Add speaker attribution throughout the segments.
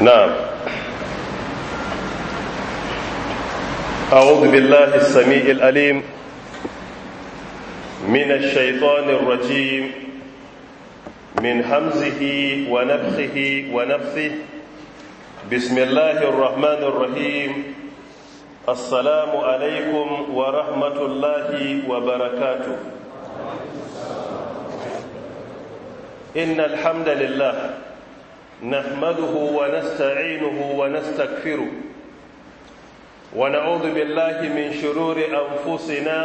Speaker 1: نعم أعوذ بالله السميع الأليم
Speaker 2: من الشيطان الرجيم
Speaker 1: من حمزه ونفخه ونفثه بسم الله الرحمن الرحيم السلام عليكم ورحمة الله وبركاته إن الحمد لله نحمده ونستعينه ونستكفره ونعوذ بالله من شرور أنفسنا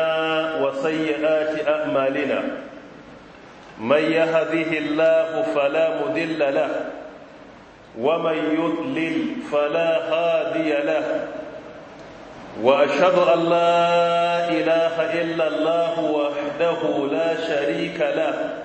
Speaker 1: وسيئات أعمالنا من يهده الله فلا مدل له ومن يضلل فلا هادي له وأشهد أن لا إله إلا الله وحده لا شريك له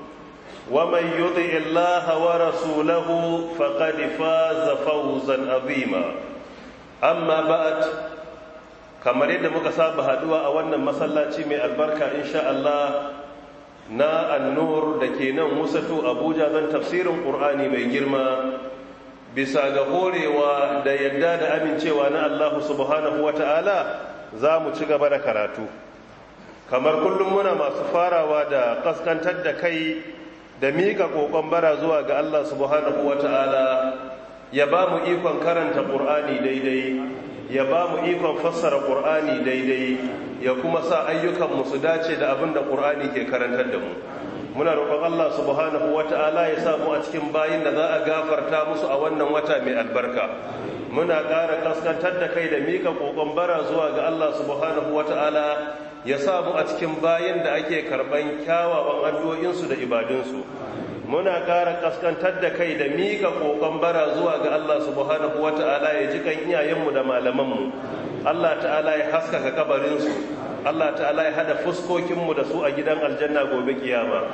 Speaker 1: ومن يطع الله ورسوله فقد فاز فوزا عظيما اما بعد kamar yadda muka saba haduwa a wannan masallaci mai albarka insha Allah na annur da ke nan musatu abuja don tafsirin ƙur'ani mai girma bisa ga horewa da yadda da amincewa na allahu subhanahu wata'ala za mu ci gaba da karatu kamar kullum muna masu farawa da kaskantar da kai da mika kokon bara zuwa ga Allah subhanahu wata'ala ya ba mu ikon karanta ƙur'ani daidai ya ba mu ikon fassara ƙur'ani daidai ya kuma sa ayyukan mu su dace da abin da qur'ani ke karantar da mu muna roƙon Allah subhanahu wata'ala ya samu a cikin bayin da za a gafarta musu a wannan wata mai albarka muna ƙara kaskantar da kai da mika kokon bara zuwa ga Allah subhanahu wata'ala ya samu a cikin bayan da ake karban kyawawan addu'o'insu da ibadunsu muna kara kaskantar da kai da mika kokon bara zuwa ga Allah subhanahu ta'ala ya ji kan iyayenmu da malamanmu Allah ta'ala ya haskaka kabarinsu Allah ta'ala ya hada fuskokinmu da su a gidan aljanna gobe kiyama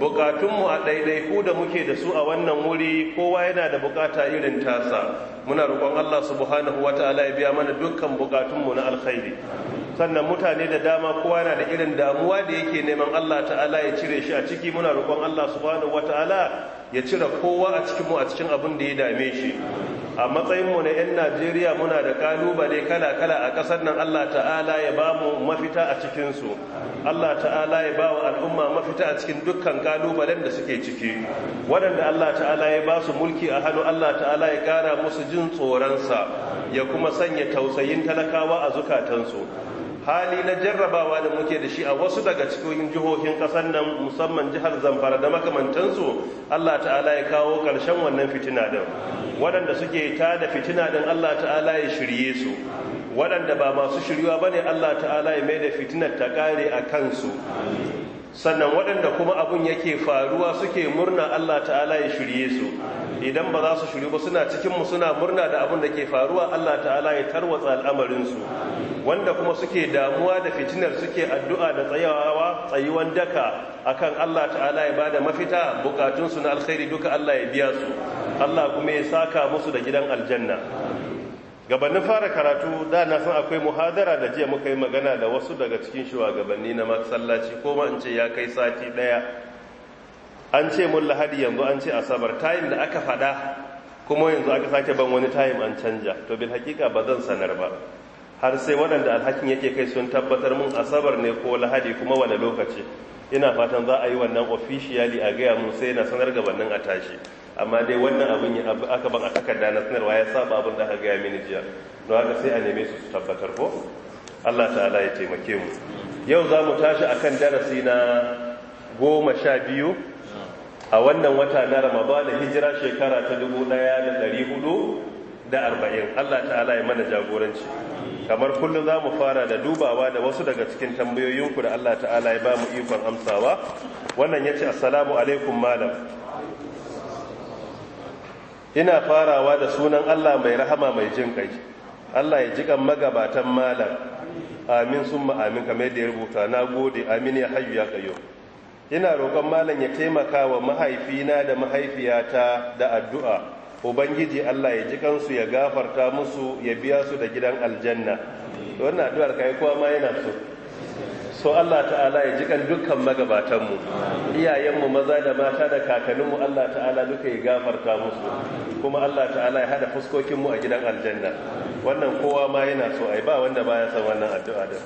Speaker 1: bukatunmu a ɗaiɗaiku da muke da su a wannan wuri kowa yana da bukata irin tasa muna roƙon Allah subhanahu wata'ala ya biya mana dukkan bukatunmu na alkhairi sannan mutane da dama kowa yana da irin damuwa da yake neman Allah ta'ala ya cire shi a ciki muna roƙon Allah subhanahu ala. ya cire kowa a cikinmu a cikin abin da ya dame shi a matsayinmu na 'yan najeriya muna da kalubale kala-kala a ƙasar nan allah ta'ala ya ba mu mafita a cikinsu allah ta'ala ya ba wa al'umma mafita a cikin dukkan kalubalen da suke ciki waɗanda allah ta'ala ya ba su mulki a hannu allah ta'ala ya ƙara musu jin tsoronsa ya kuma sanya tausayin talakawa a zukatansu hali na jarrabawa da muke da shi a wasu daga cikin jihohin ƙasar nan musamman jihar zamfara da makamantansu allah ta'ala ya kawo ƙarshen wannan fitina din waɗanda suke da fitina din allah ta'ala ya shirye su waɗanda ba masu shiryuwa ba ne allah ta'ala ya mai da fitinar ta ƙare a kansu sannan waɗanda kuma abun yake faruwa suke murna Allah ta'ala ya shirye su idan ba za su shiryu ba suna cikinmu suna murna da abun da ke faruwa Allah ta'ala ya tarwatsa al'amarinsu wanda kuma suke damuwa da fitinar suke addu'a da tsayawa tsayuwan daka akan Allah ta'ala ya ba da mafita bukatunsu na alkhairi duka Allah ya biya su Allah kuma ya saka musu da gidan aljanna gabanin fara karatu da na san akwai muhadara da jiya muka yi magana da wasu daga cikin shugabanni na masallaci ko ma in ce ya kai sati daya an ce mun lahadi yanzu an ce asabar tayin da aka fada kuma yanzu aka sake ban wani tayin an canja to bil hakika ba zan sanar ba har sai waɗanda alhakin yake kai sun tabbatar mun asabar ne ko lahadi kuma wani lokaci ina fatan za a yi wannan officially a gaya mun sai na sanar gabanin a tashi amma dai wannan abin ya aka ban a takarda na sanarwa ya saba abin da aka gaya mini jiya don haka sai a neme su su tabbatar ko Allah ta'ala ya taimake mu yau za mu tashi a kan darasi na goma sha biyu a wannan wata na da hijira shekara ta dubu ɗaya da ɗari hudu da arba'in Allah ta'ala ya mana jagoranci kamar kullum za mu fara da dubawa da wasu daga cikin tambayoyinku da Allah ta'ala ya ba mu ikon amsawa wannan ya ce assalamu alaikum malam ina farawa da sunan Allah mai rahama mai jin kai Allah ya ji kan magabatan malam amin sun amin kamar yadda ya rubuta na gode amin ya hayyu ya kayo ina roƙon malam ya taimaka wa mahaifina da mahaifiyata da addu'a ubangiji Allah ya ji kansu ya gafarta musu ya biya su da gidan aljanna wannan addu'ar kai kowa ma yana so so Allah ta'ala ya jikan dukkan magabatanmu iyayenmu maza da mata da kakanninmu Allah ta'ala duka ya gafarta musu kuma Allah ta'ala ya hada fuskokinmu a gidan aljanna wannan kowa ma yana so ai ba wanda baya san wannan addu'a da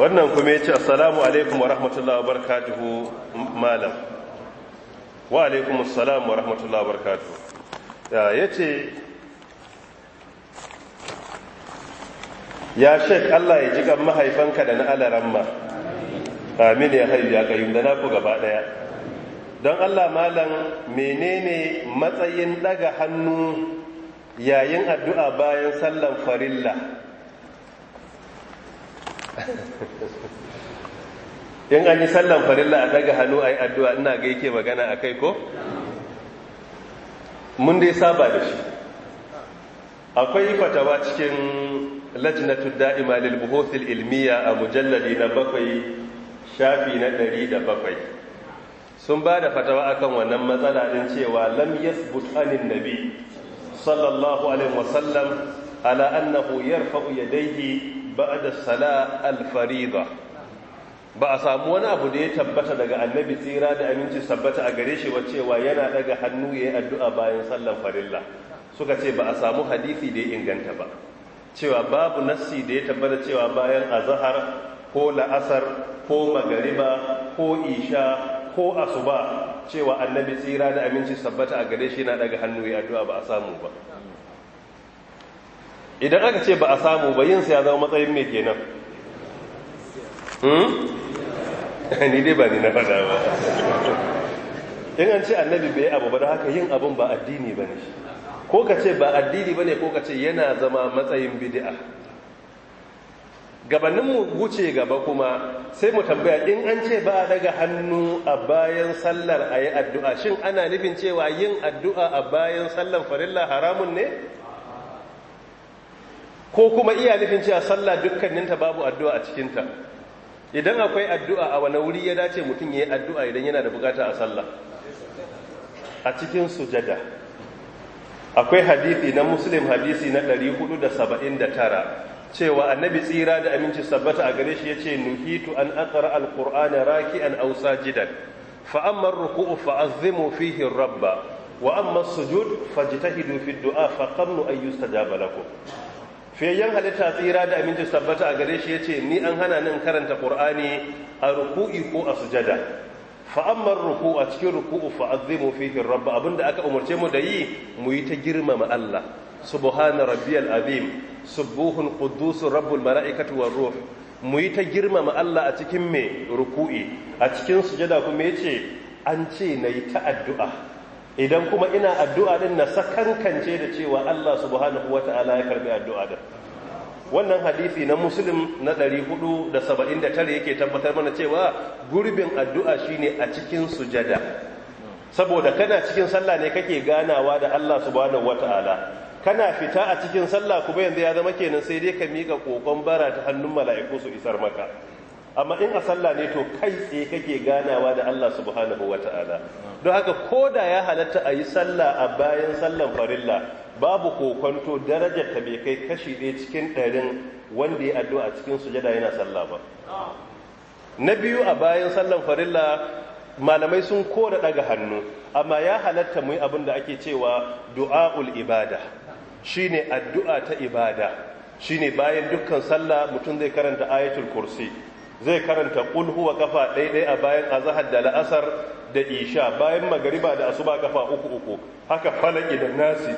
Speaker 1: wannan kuma yace assalamu alaikum wa rahmatullahi wa barakatuhu malam wa alaikum assalam wa rahmatullahi wa barakatuhu yace ya shek Allah ya ji kan mahaifanka da na alaramma amin ya haifi a kayyum da naku gaba daya don Allah malam menene matsayin daga hannu yayin addu'a bayan sallan farilla in an yi sallan farilla a daga hannu a yi addu'a ina ga yake magana a kai ko? mun dai saba da shi akwai fatawa cikin lajnatu da'ima lil ilmiya a mujalladi na bakwai shafi na ɗari da bakwai sun ba da fatawa akan wannan matsala ɗin cewa lam yasbut anin nabi sallallahu alaihi wasallam ala annahu yarfa'u yadayhi ba'da salat al fariḍah ba a samu wani abu da ya tabbata daga annabi tsira da aminci tabbata a gare shi cewa yana daga hannu ya yi addu'a bayan sallan farilla suka ce ba a samu hadisi da ya inganta ba cewa babu nassi da ya tabbata cewa bayan Azahar, ko la'asar ko magariba ko isha ko asuba cewa annabi tsira da aminci sabbata a gare shi na daga hannu ya addu'a ba a samu ba idan aka ce ba a samu ba yin ya zama matsayin mai kenan hmm? ni dai ba ni na fada ba in an ce annabi bai abu ba da haka yin abun ba addini ba ne shi ko ka ce ba addini ba ne ko ka ce yana zama matsayin bidi'a. gabanin mu wuce gaba kuma sai mu tambaya in an ce ba daga hannu a bayan sallar a yi addu'a shin ana nufin cewa yin addu'a a bayan sallar farilla haramun ne ko kuma iya nufin cewa sallah dukkaninta babu addu'a a cikinta idan akwai addu'a a wani wuri ya dace mutum ya yi addu'a idan yana da bukata a sallah a cikin sujada akwai hadisi na muslim hadisi na 479 cewa annabi tsira da aminci sabbata a gare shi ya ce nuhitu an akara alkur'ani raki'an aw sajidan fa amma rukuu fa’azimu fihin rabba wa amma sujud fajtahidu fi dua fa qamnu an yustajaba lakum fiyayyen halitta tsira da aminci sabbata a gare shi ya ce ni an hana nan karanta qur'ani a ruku'i ko a sujada fa ruku a cikin ruku'u fa azimu fihi rabb abinda aka umarce mu da yi mu yi ta girmama Allah subhana rabbiyal azim subuhun quddus rabbul malaikati war ruh mu yi ta girmama Allah a cikin me ruku'i a cikin sujada kuma yace an ce nayi ta addu'a idan kuma ina addu'a din na sakankance da cewa Allah subhanahu wata'ala ya karbi addu'a din wannan hadisi na muslim na 479 yake tabbatar mana cewa gurbin addu'a shine a cikin sujada saboda kana cikin sallah ne kake ganawa da Allah subhanahu wataala kana fita a cikin sallah kuma yanzu ya zama kenan sai dai ka miƙa kokon bara ta hannun mala'iku su isar maka amma in a sallah ne to kai tsaye kake ganawa da Allah subhanahu wataala don haka koda ya halatta a yi sallah a bayan sallan farilla babu kokonto darajar ta bai kai kashi ɗaya cikin ɗarin wanda ya addu'a cikin sujada yana sallah ba na biyu a bayan sallan farilla malamai sun kora daga hannu amma ya halatta mu yi abin da ake cewa du'a'ul ibada shine addu'a ta ibada shine bayan dukkan sallah mutum zai karanta ayatul kursi zai karanta qul huwa kafa ɗaiɗai a bayan azahar da la'asar da isha bayan magariba da asuba kafa uku uku haka falaki da nasi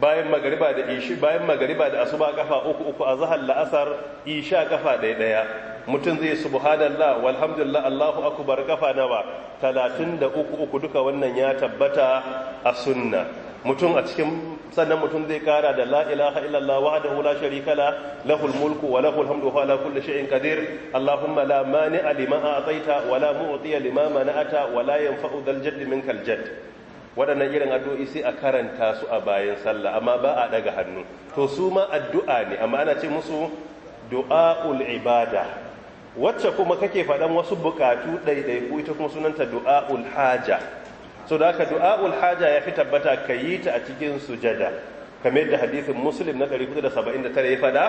Speaker 1: bayan magariba da ishi bayan magariba da asuba kafa uku uku a zahar la'asar isha kafa ɗaya ɗaya mutum zai subhanallah walhamdulillah allahu akbar kafa nawa talatin da uku uku duka wannan ya tabbata a sunna mutum a cikin sannan mutum zai kara da la ilaha illallah wahdahu la sharika la lahul mulku wa lahul hamdu wa ala kulli shay'in qadir allahumma la mani'a lima a'taita wa la mu'tiya lima mana'ata wa la yanfa'u dhal jaddi minkal jadd waɗannan irin addu'o'i sai a karanta su a bayan sallah amma ba a daga hannu to su ma addu'a ne amma ana ce musu du'a'ul ibada wacce kuma kake faɗan wasu buƙatu ɗaiɗaiku ita kuma sunanta du'a'ul haja so da haka du'a'ul haja ya fi tabbata ka yi ta a cikin sujada kamar da hadisin muslim na 479 ya faɗa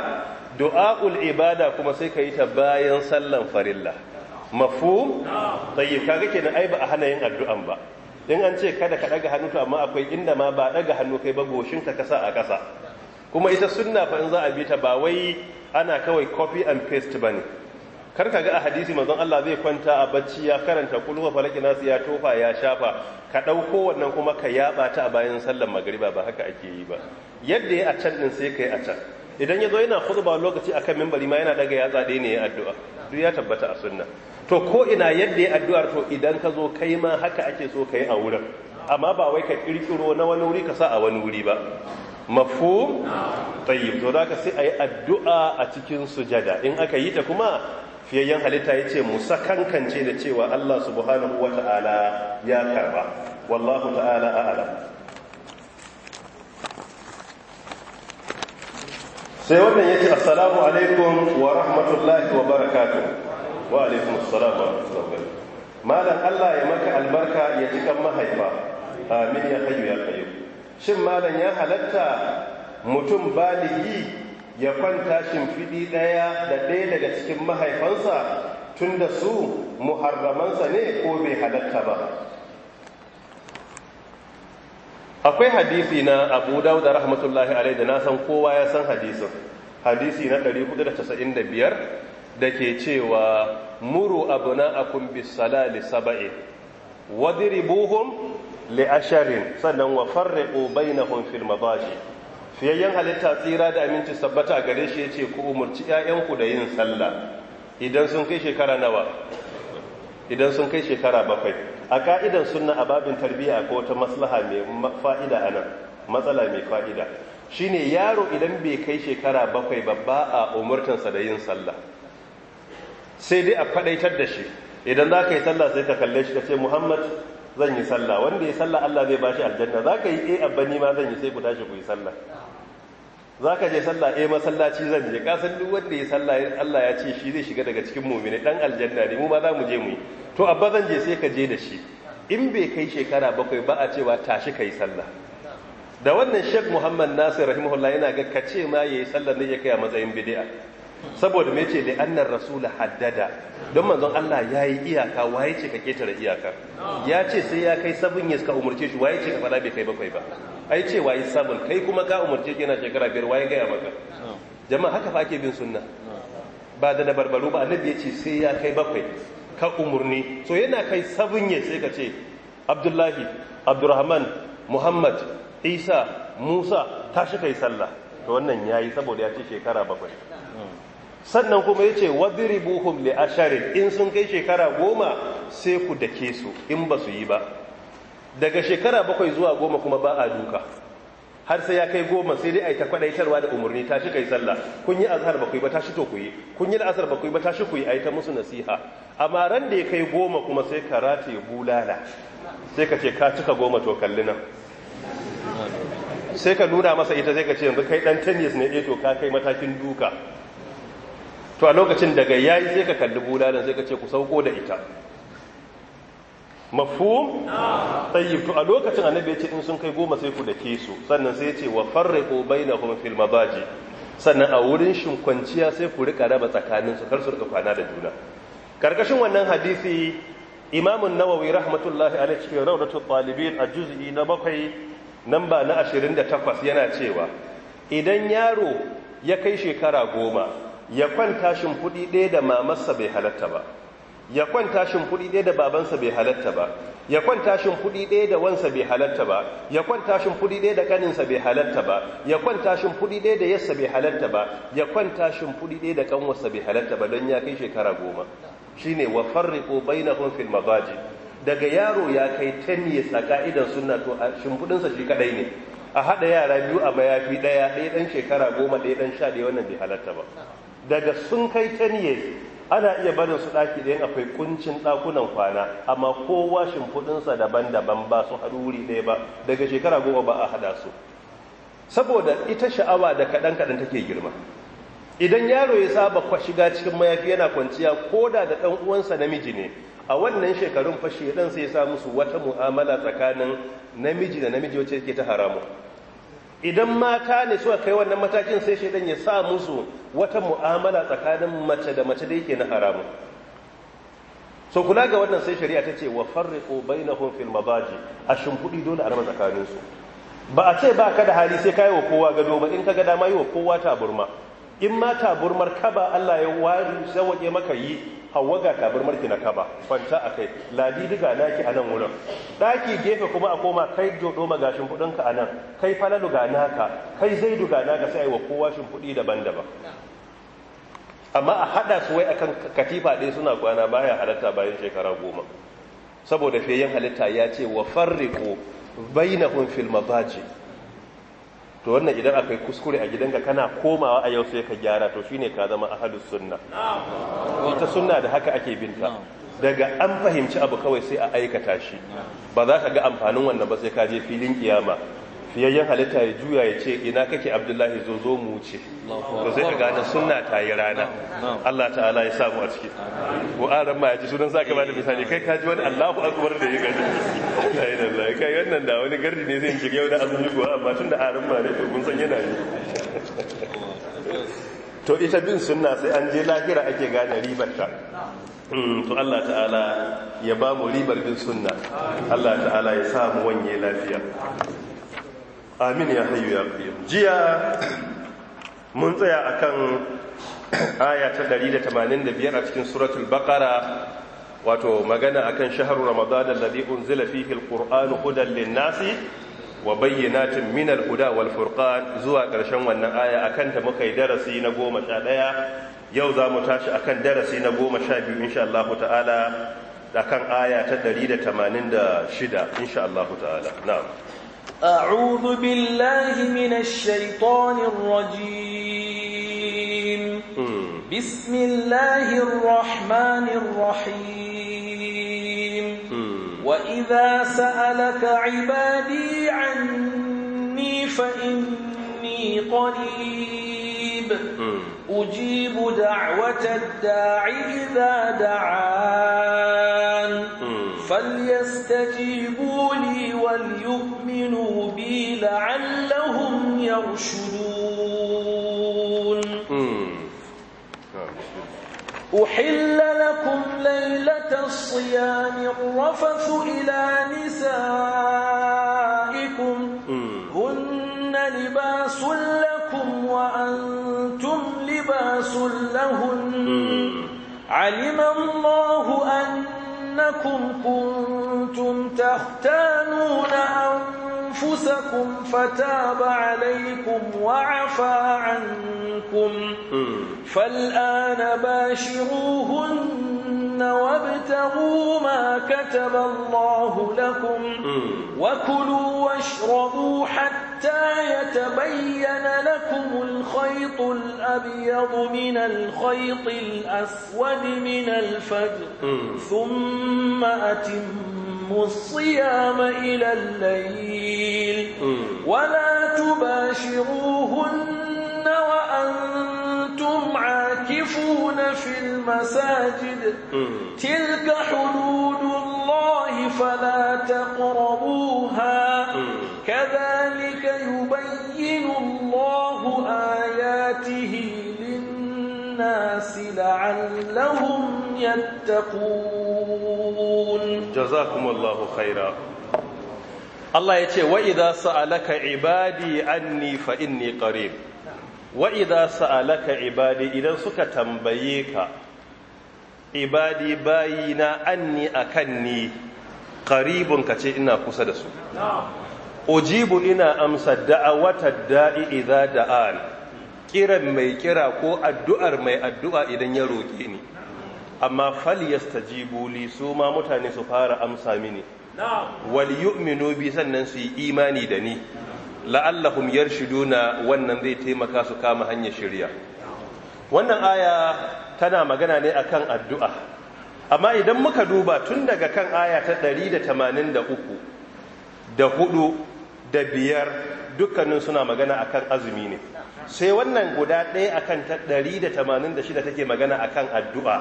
Speaker 1: du'a'ul ibada kuma sai ka yi ta bayan sallan farilla mafu tayyib kaga kenan ai ba a hana yin addu'an ba in an ce kada ka daga hannu to amma akwai inda ma ba daga hannu kai ba goshinka kasa a kasa kuma ita sunna fa in za a bi ta ba wai ana kawai copy and paste ne. kar ka ga a hadisi manzon Allah zai kwanta a bacci ya karanta kulwa falaki nasu ya tofa ya shafa ka dauko wannan kuma ka yaba ta a bayan sallar magriba ba haka ake yi ba yadda ya a can din sai kai a can idan ya zo yana khutba lokaci akan minbari ma yana daga yatsa ɗaya ne ya addu'a duk ya tabbata a sunna to ko ina yadda ya addu'ar to idan ka zo kai ma haka ake so ka yi a wurin amma ba wai ka kirkiro na wani wuri ka sa a wani wuri ba Mafu, tayyib to da ka sai ayi addu'a a cikin sujada in aka yi ta kuma fiyayyen halitta ya ce musa kankance da cewa Allah subhanahu wa ya karba wallahu ta'ala a'lam sai wannan ya assalamu alaikum wa rahmatullahi wa barakatu
Speaker 2: wa alaikum assalamu
Speaker 1: alaikum malam allah ya maka albarka ya ji kan mahaifa amin ya hayu ya kayu shin malam ya halatta mutum baligi ya kwanta shimfiɗi ɗaya da ɗaya daga cikin mahaifansa tun da su muharramansa ne ko bai halatta ba akwai hadisi na abu dawud rahmatullahi alai da na san kowa ya san hadisin hadisi na 495 da ke cewa muru abuna akun bisala li sab'i wadribuhum li asharin sannan wa farriqu bainahum fil madaji fiyayyen halitta tsira da aminci sabbata gare shi yace ku umurci 'ya'yanku da yin sallah idan sun kai shekara nawa idan sun kai shekara bakwai a ka'idan sunna a babin tarbiyya ko wata maslaha mai fa'ida a nan matsala mai fa'ida shi ne yaro idan bai kai shekara bakwai babba a umurtansa da yin sallah sai dai a faɗaitar da shi idan za ka yi sallah sai ka kalle shi ka ce muhammad zan yi sallah wanda ya sallah allah zai bashi aljanna za ka yi a eh, abba ni ma zan yi sai ku tashi ku yi sallah za ka je sallah eh masallaci zan je kasan duk wanda ya sallah Allah ya ce shi zai shiga daga cikin mu'mini dan aljanna ne mu ma za mu je mu yi to abba zan je sai ka je da shi in bai kai shekara bakwai ba a cewa tashi kai sallah da wannan Sheikh Muhammad Nasir rahimahullah yana ga kace ma yayi sallar ne ya kai a matsayin bid'a saboda me yace nan annar rasul haddada don manzon Allah yayi iyaka waye ce ka ketare iyaka ya ce sai ya kai 7 years ka umurce shi waye ce ka fada bai kai bakwai ba ai ce yi samun kai kuma ka umarce yana shekara biyar waye gaya maka jama'a haka fa ake bin sunna ba da na barbaro ba annabi ya ce sai ya kai bakwai ka umarni so yana kai sabon ya sai ka ce abdullahi abdurrahman muhammad isa musa tashi kai sallah to wannan yayi saboda ya ce shekara bakwai sannan kuma ya ce wadribuhum li asharin in sun kai shekara goma sai ku dake su in ba su yi ba daga shekara bakwai zuwa goma kuma ba a duka har sai ya kai goma sai dai a yi ta kwadaitarwa da umarni ta shi kai sallah kun yi azhar ba ku yi ba to ku yi kun yi asar ba ku yi ba ku yi a yi ta musu nasiha amma ran da ya kai goma kuma sai ka rataye bulala sai ka ce ka cika goma to kalli nan sai ka nuna masa ita sai ka ce yanzu kai dan tennis ne eh to ka kai matakin duka to a lokacin daga yayi sai ka kalli bulalan sai ka ce ku sauko da ita mafhum tayyib to a lokacin annabi ya ce in sun kai goma sai ku dake su sannan sai ya ce wa farriqu bainahum fil mabaji sannan a wurin shin kwanciya sai ku rika raba tsakanin su kar su rika kwana da juna karkashin wannan hadisi Imam an-Nawawi rahmatullahi alaihi cikin rawdatu Talibin a juz'i na bakwai namba na 28 yana cewa idan yaro ya kai shekara goma ya kwanta shimfiɗi ɗaya da mamarsa bai halatta ba ya kwanta shimfiɗi ɗaya da babansa bai halatta ba ya kwanta shimfiɗi ɗaya da wansa bai halatta ba ya kwanta shimfiɗi ɗaya da kaninsa bai halatta ba ya kwanta shimfiɗi ɗaya da yassa bai halatta ba ya kwanta shimfiɗi ɗaya da ƙanwarsa bai halatta ba don ya kai shekara goma shine wa bai bainahum fil mabaji daga yaro ya kai 10 years a ka'idan sunna to shimfiɗinsa shi kadai ne a haɗa yara biyu a mayafi ɗaya ɗaya ɗan shekara goma ɗaya ɗan sha ɗaya wannan bai halatta ba daga sun kai 10 ana iya barin su ɗaki ɗayan akwai kuncin ɗakunan kwana amma kowa shimfiɗinsa daban-daban ba su haɗu wuri ɗaya ba daga shekara goma ba a haɗa su saboda ita sha'awa da kaɗan-kaɗan take girma idan yaro ya saba shiga cikin mayafi yana kwanciya ko da da ɗan uwansa namiji ne a wannan shekarun fashe dan sai ya sa musu wata mu'amala tsakanin namiji da namiji wacce ke ta haramu idan mata ne suka kai wannan matakin sai shaidan ya sa musu wata mu'amala tsakanin mace da mace da yake na haramu. so kula ga wannan sai shari'a ta ce wa farriqu bainahum fil mabaji a shimfudi dole a rama tsakaninsu. ba a ce ba ka da hali sai ka yi wa kowa gado ba in ka ga dama yi wa kowa taburma in ma taburmar kaba Allah ya wari zawaje maka yi hawa ga taburmar ki na kaba kwanta a kai ladi diga naki a nan wurin ɗaki gefe kuma a koma kai jodo magashin kuɗinka a nan kai falalu ga naka kai zai duga naka sai wa kowa shimfiɗi daban-daban amma a haɗa su wai akan katifa ɗaya suna kwana baya halatta bayan shekara goma saboda fiyayyen halitta ya ce wa farriqu bainahum fil mabaji to wannan idan akai kuskure a gidanka kana komawa a yau sai ka gyara to shine ka zama ahadus sunna ita sunna da haka ake binta daga an fahimci abu kawai sai a aikata shi ba za ka ga amfanin wannan ba sai ka je filin kiyama fiyayyen halitta ya juya ya ce ina kake abdullahi zo zo mu wuce to sai ka gane sunna ta yi rana Allah ta'ala ya samu a ciki ko aran ma ya ji sunan zaka ba da misali kai ka ji wani Allahu akbar da ya gaji la ilaha illallah kai wannan da wani gardi ne zai shiga yau da azumi ko amma tun da aran ma ne to kun san yana yi to ita bin sunna sai an je lahira ake gane ribar ta hmm, to Allah ta'ala ya ba mu ribar bin sunna Allah ta'ala ya sa mu wanye lafiya amin ya hayu ya qayyum jiya mun tsaya akan aya ta 185 a cikin suratul baqara wato magana akan shahru ramadan alladhi unzila fihi alqur'anu hudan Linnasi nasi wa bayyinatin min Minar huda wal furqan zuwa ƙarshen wannan aya akan ta muka yi darasi na 11 yau za mu tashi akan darasi na 12 insha Allah ta'ala akan aya ta 186 insha Allah ta'ala na'am
Speaker 2: أعوذ بالله من الشيطان الرجيم بسم الله الرحمن الرحيم وإذا سألك عبادي عني فإني قريب أجيب دعوة الداعي إذا دعان فليستجيبوا لي وليؤمنوا بي لعلهم يرشدون أحل لكم ليلة الصيام الرفث إلى نسائكم هن لباس لكم وأنتم لباس لهن علم الله أن أنكم كنتم تختانون أنفسكم فتاب عليكم وعفى عنكم فالآن باشروهن وابتغوا ما كتب الله لكم وكلوا واشربوا حتى يتبين لكم الخيط الأبيض من الخيط الأسود من الفجر ثم أتموا الصيام إلى الليل ولا تباشروهن وأنتم يعظون في المساجد تلك حدود الله فلا تقربوها كذلك يبين الله آياته للناس لعلهم يتقون
Speaker 1: جزاكم الله خيرا الله ya وإذا سألك عبادي أني فإني قريب wa idza sa'alaka ibadi idan suka tambaye ka ibadi bayina anni akanni qaribun kace ina kusa da su ujibu ina amsa da'awata da'i idza da'an kiran mai kira ko addu'ar mai addu'a idan ya roke ni amma fal yastajibu li su ma mutane su fara amsa mini wal yu'minu bi sannan su yi imani da ni la'allahum yarshuduna wannan zai taimaka su kama hanyar shirya wannan aya tana magana ne akan addu'a amma idan muka duba tun daga kan aya ta 183 da 4 da 5 dukkanin suna magana akan azumi ne sai wannan guda ɗaya akan ta 186 take magana akan addu'a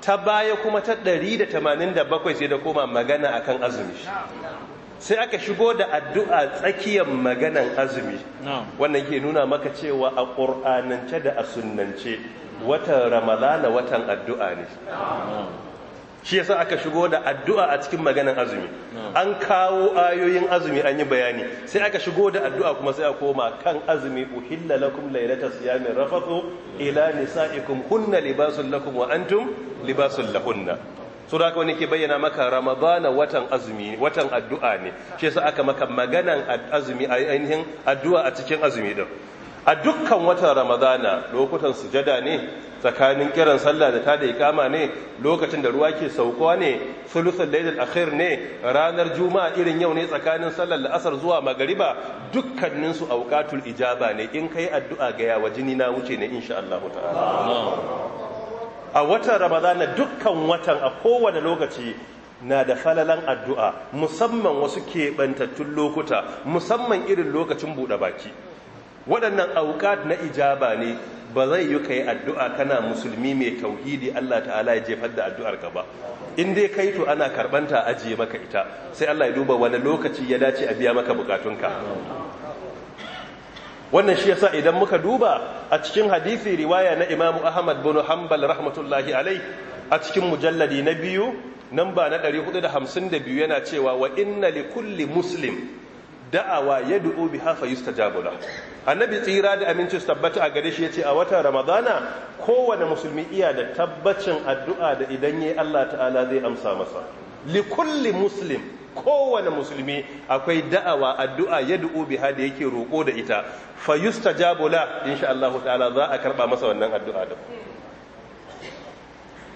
Speaker 1: ta baya kuma ta 187 sai da koma magana akan azumi sai aka shigo da addu'a tsakiyar maganan azumi wannan ke nuna maka cewa a ƙur'anance da a sunnance watan ramadana watan addu'a ne shi yasa aka shigo da addu'a a cikin maganan azumi an kawo ayoyin azumi an yi bayani sai aka shigo da addu'a kuma sai a koma kan azumi uhilla lakum lailata siyamin rafathu ila nisa'ikum hunna libasun lakum wa antum libasun lahunna sura ka wani ke bayyana maka ramadana watan azumi watan addu'a ne shi yasa aka maka maganan azumi ainihin addu'a a cikin azumi din a dukkan watan ramadana lokutan sujada ne tsakanin kiran sallah da ta da ikama ne lokacin da ruwa ke saukowa ne sulusul lailul akhir ne ranar juma'a irin yau ne tsakanin sallar la'asar zuwa magariba dukkanin su awqatul ijaba ne in kai addu'a ga yawa jini na wuce ne insha Allah ta'ala a watan ramadana dukkan watan a kowane lokaci na da falalan addu'a musamman wasu keɓantattun lokuta musamman irin lokacin buɗe baki waɗannan aukat na ijaba ne ba zai yi ka yi addu'a kana musulmi mai tauhidi Allah ta'ala ya jefar da addu'ar ka ba in dai kai to ana karɓanta ajiye maka ita sai Allah ya duba wani lokaci ya dace a biya maka bukatunka wannan shi yasa idan muka duba a cikin hadisi riwaya na Imam Ahmad bin Hanbal rahmatullahi alai a cikin mujalladi na biyu namba na 452 yana cewa wa inna li kulli muslim da'awa yad'u biha fayustajabu lahu annabi tsira da aminci tabbata a gare shi yace a watan ramadana kowane musulmi iya da tabbacin addu'a da idan yayi Allah ta'ala zai amsa masa li kulli muslim kowane musulmi akwai da'awa addu'a ya du'u biha da yake roƙo da ita fa yustajabu la insha Allah ta'ala za a karba masa wannan addu'a da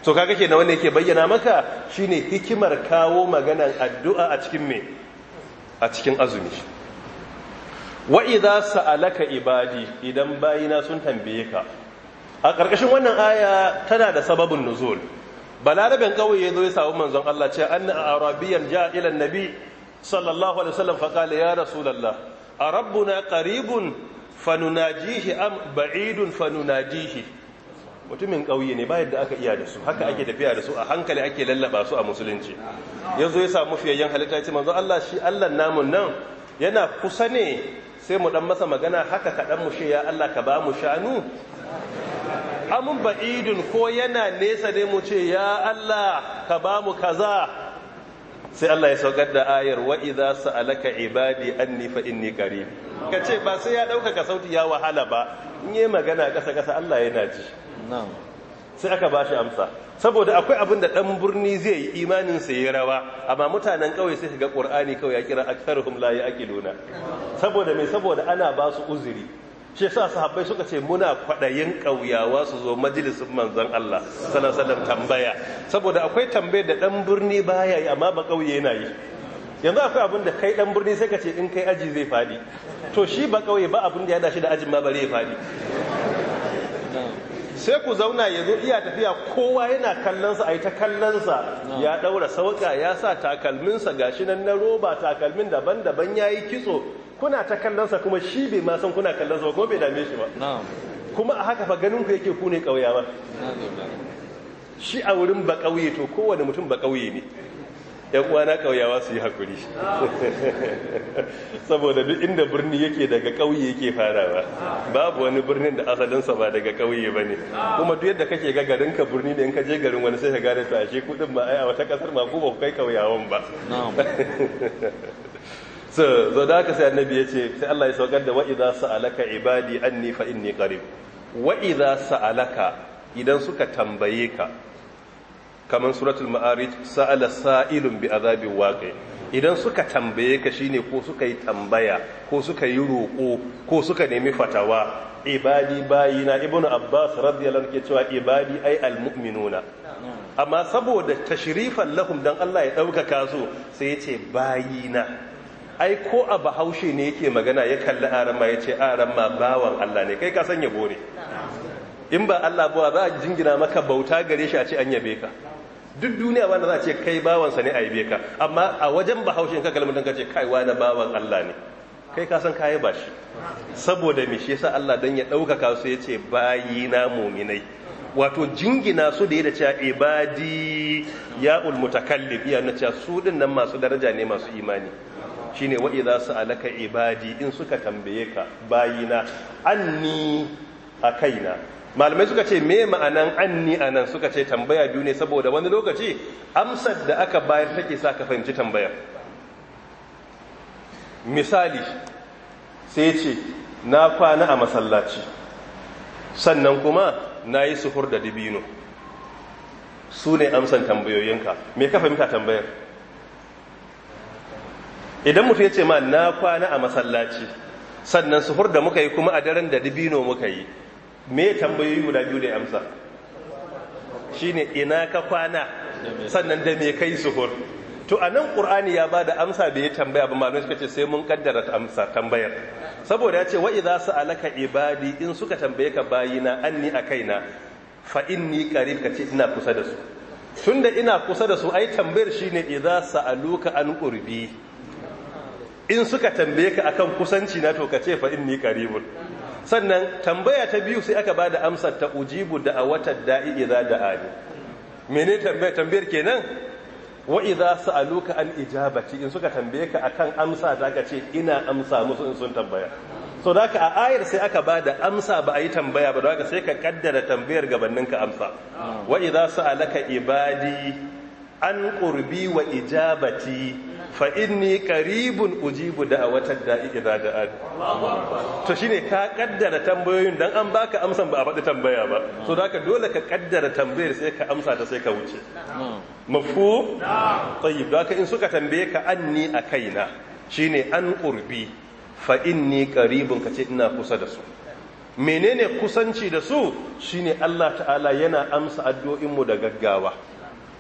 Speaker 1: to kaga kenan wanda yake bayyana maka shine hikimar kawo maganan addu'a a cikin me a cikin azumi wa idza sa'alaka ibadi idan bayina sun tambaye ka a ƙarƙashin wannan aya tana da sababin nuzul balarabin kawai ya zo ya samu manzon Allah ce a arabiyan ja ila nabi sallallahu alaihi wasallam fa qala ya rasulullah arabbuna qaribun fanunajihi am ba'idun fanunajihi mutumin kauye ne bayan da aka iya da su haka ake tafiya da su a hankali ake lallaba su a musulunci yanzu ya samu fiyayyen halitta ce manzo Allah shi Allah namun nan yana kusa ne sai mu dan masa magana haka kaɗan mu shi ya Allah ka ba mu shanu amun ba'idun ko yana nesa ne mu ce ya Allah ka ba mu kaza sai Allah ya saukar da ayar wa idza sa'alaka ibadi anni fa inni qarib ce ba sai ya dauka ka sauti ya wahala ba in yi magana kasa kasa Allah yana ji na'am sai aka ba shi amsa saboda akwai abin da ɗan birni zai yi imanin sa ya rawa amma mutanen kawai sai ga qur'ani kawai ya kira aktharuhum la yaqiluna saboda mai saboda ana ba su uzuri shi yasa sahabbai suka ce muna kwadayin kauyawa su zo majalisun manzon Allah sallallahu alaihi tambaya saboda akwai tambayar da dan birni baya yi amma ba kauye yana yi yanzu akwai abin da kai dan birni sai ka ce in kai aji zai fadi to shi ba kauye ba abin da ya dashi da ajin ma bare ya fadi sai ku zauna ya zo iya tafiya kowa yana kallonsa a yi ta kallonsa ya ɗaura sauka ya sa takalminsa gashi nan na roba takalmin daban-daban ya yi kitso kuna ta kallonsa kuma shi bai ma san kuna kallonsa ba kuma bai dame shi ba kuma a haka fa ganin ku yake ku ne ƙauyawa shi a wurin ba ƙauye to kowane mutum ba ƙauye ne yan uwana ƙauyawa su yi hakuri saboda duk inda birni yake daga kauye yake farawa babu wani birnin da asalinsa ba daga kauye ba ne kuma duk yadda kake ga garin ka birni da in ka je garin wani sai ka gane to ashe kudin ba ai a wata ƙasar ma ko ba ku kai ƙauyawan ba so zo da haka sai annabi ya ce sai Allah ya saukar da idza sa'alaka ibadi anni fa inni qarib idza sa'alaka idan suka tambaye ka kaman suratul ma'arij sa'ala sa'ilun bi azabin waqi idan suka tambaye ka shine ko suka yi tambaya ko suka yi roƙo ko suka nemi fatawa ibadi bayina ibnu abbas radiyallahu anhu ke cewa ibadi ai almu'minuna amma saboda tashrifan lahum dan Allah ya dauka so sai yace bayina ai ko a bahaushe ne yake magana ya kalli arama ya ce arama bawan Allah ne kai ka san yabo ne in ba Allah ba za a jingina maka bauta gare shi a ce an yabe ka duk duniya wanda za a ce kai bawansa ne a yabe ka amma a wajen bahaushe ka kalmi ka ce kai na bawan Allah ne kai ka san kai ba shi saboda me shi yasa Allah dan ya ɗaukaka su ya ce bayina muminai wato jingina su da ya dace ibadi ya mutakallib ya na cewa su din nan masu daraja ne masu imani shine wa idza sa'alaka ibadi in suka tambaye ka bayina anni akaina malamai suka ce me ma'anan anni anan suka ce tambaya biyu ne saboda wani lokaci amsar da aka bayar take sa ka fahimci tambayar misali sai ce na kwana a masallaci sannan kuma na yi suhur da dibino su ne amsan tambayoyinka me ka fahimta tambayar idan mutum ya ce ma na kwana a masallaci sannan suhur da muka yi kuma a daren da dibino muka yi me tambayoyi guda biyu da amsa shine ina ka kwana sannan da me kai suhur to a nan ƙur'ani ya ba da amsa bai tambaya ba malamai suka ce sai mun kaddara amsa tambayar saboda ya ce wa'i za su alaka ibadi in suka tambaye ka bayina anni a kaina fa inni qarib ka ce ina kusa da su tunda ina kusa da su ai tambayar shine idza sa'aluka an qurbi in suka tambaye ka akan kusanci na to ka ce fa inni qaribun sannan tambaya ta biyu sai aka bada amsar ta ujibu da awatar da'i idza da'ani mene tambaya tambayar kenan wa idza sa'aluka an ijabati in suka tambaye ka akan amsa da ka ce ina amsa musu in sun tambaya so da ka a ayar sai aka bada amsa ba a yi tambaya ba da sai ka kaddara tambayar gabanin ka amsa wa idza sa'alaka ibadi an qurbi wa ijabati fa inni qaribun ujibu da'watad da'i idza da'an to shine ka kaddara tambayoyin dan an baka amsan ba a faɗi tambaya ba so haka dole ka kaddara tambayar sai ka amsa ta sai ka wuce mafu tayyib haka in suka tambaye ka anni akaina shine an qurbi fa inni qaribun kace ina kusa da su menene kusanci da su shine Allah ta'ala yana amsa addu'o'in mu da gaggawa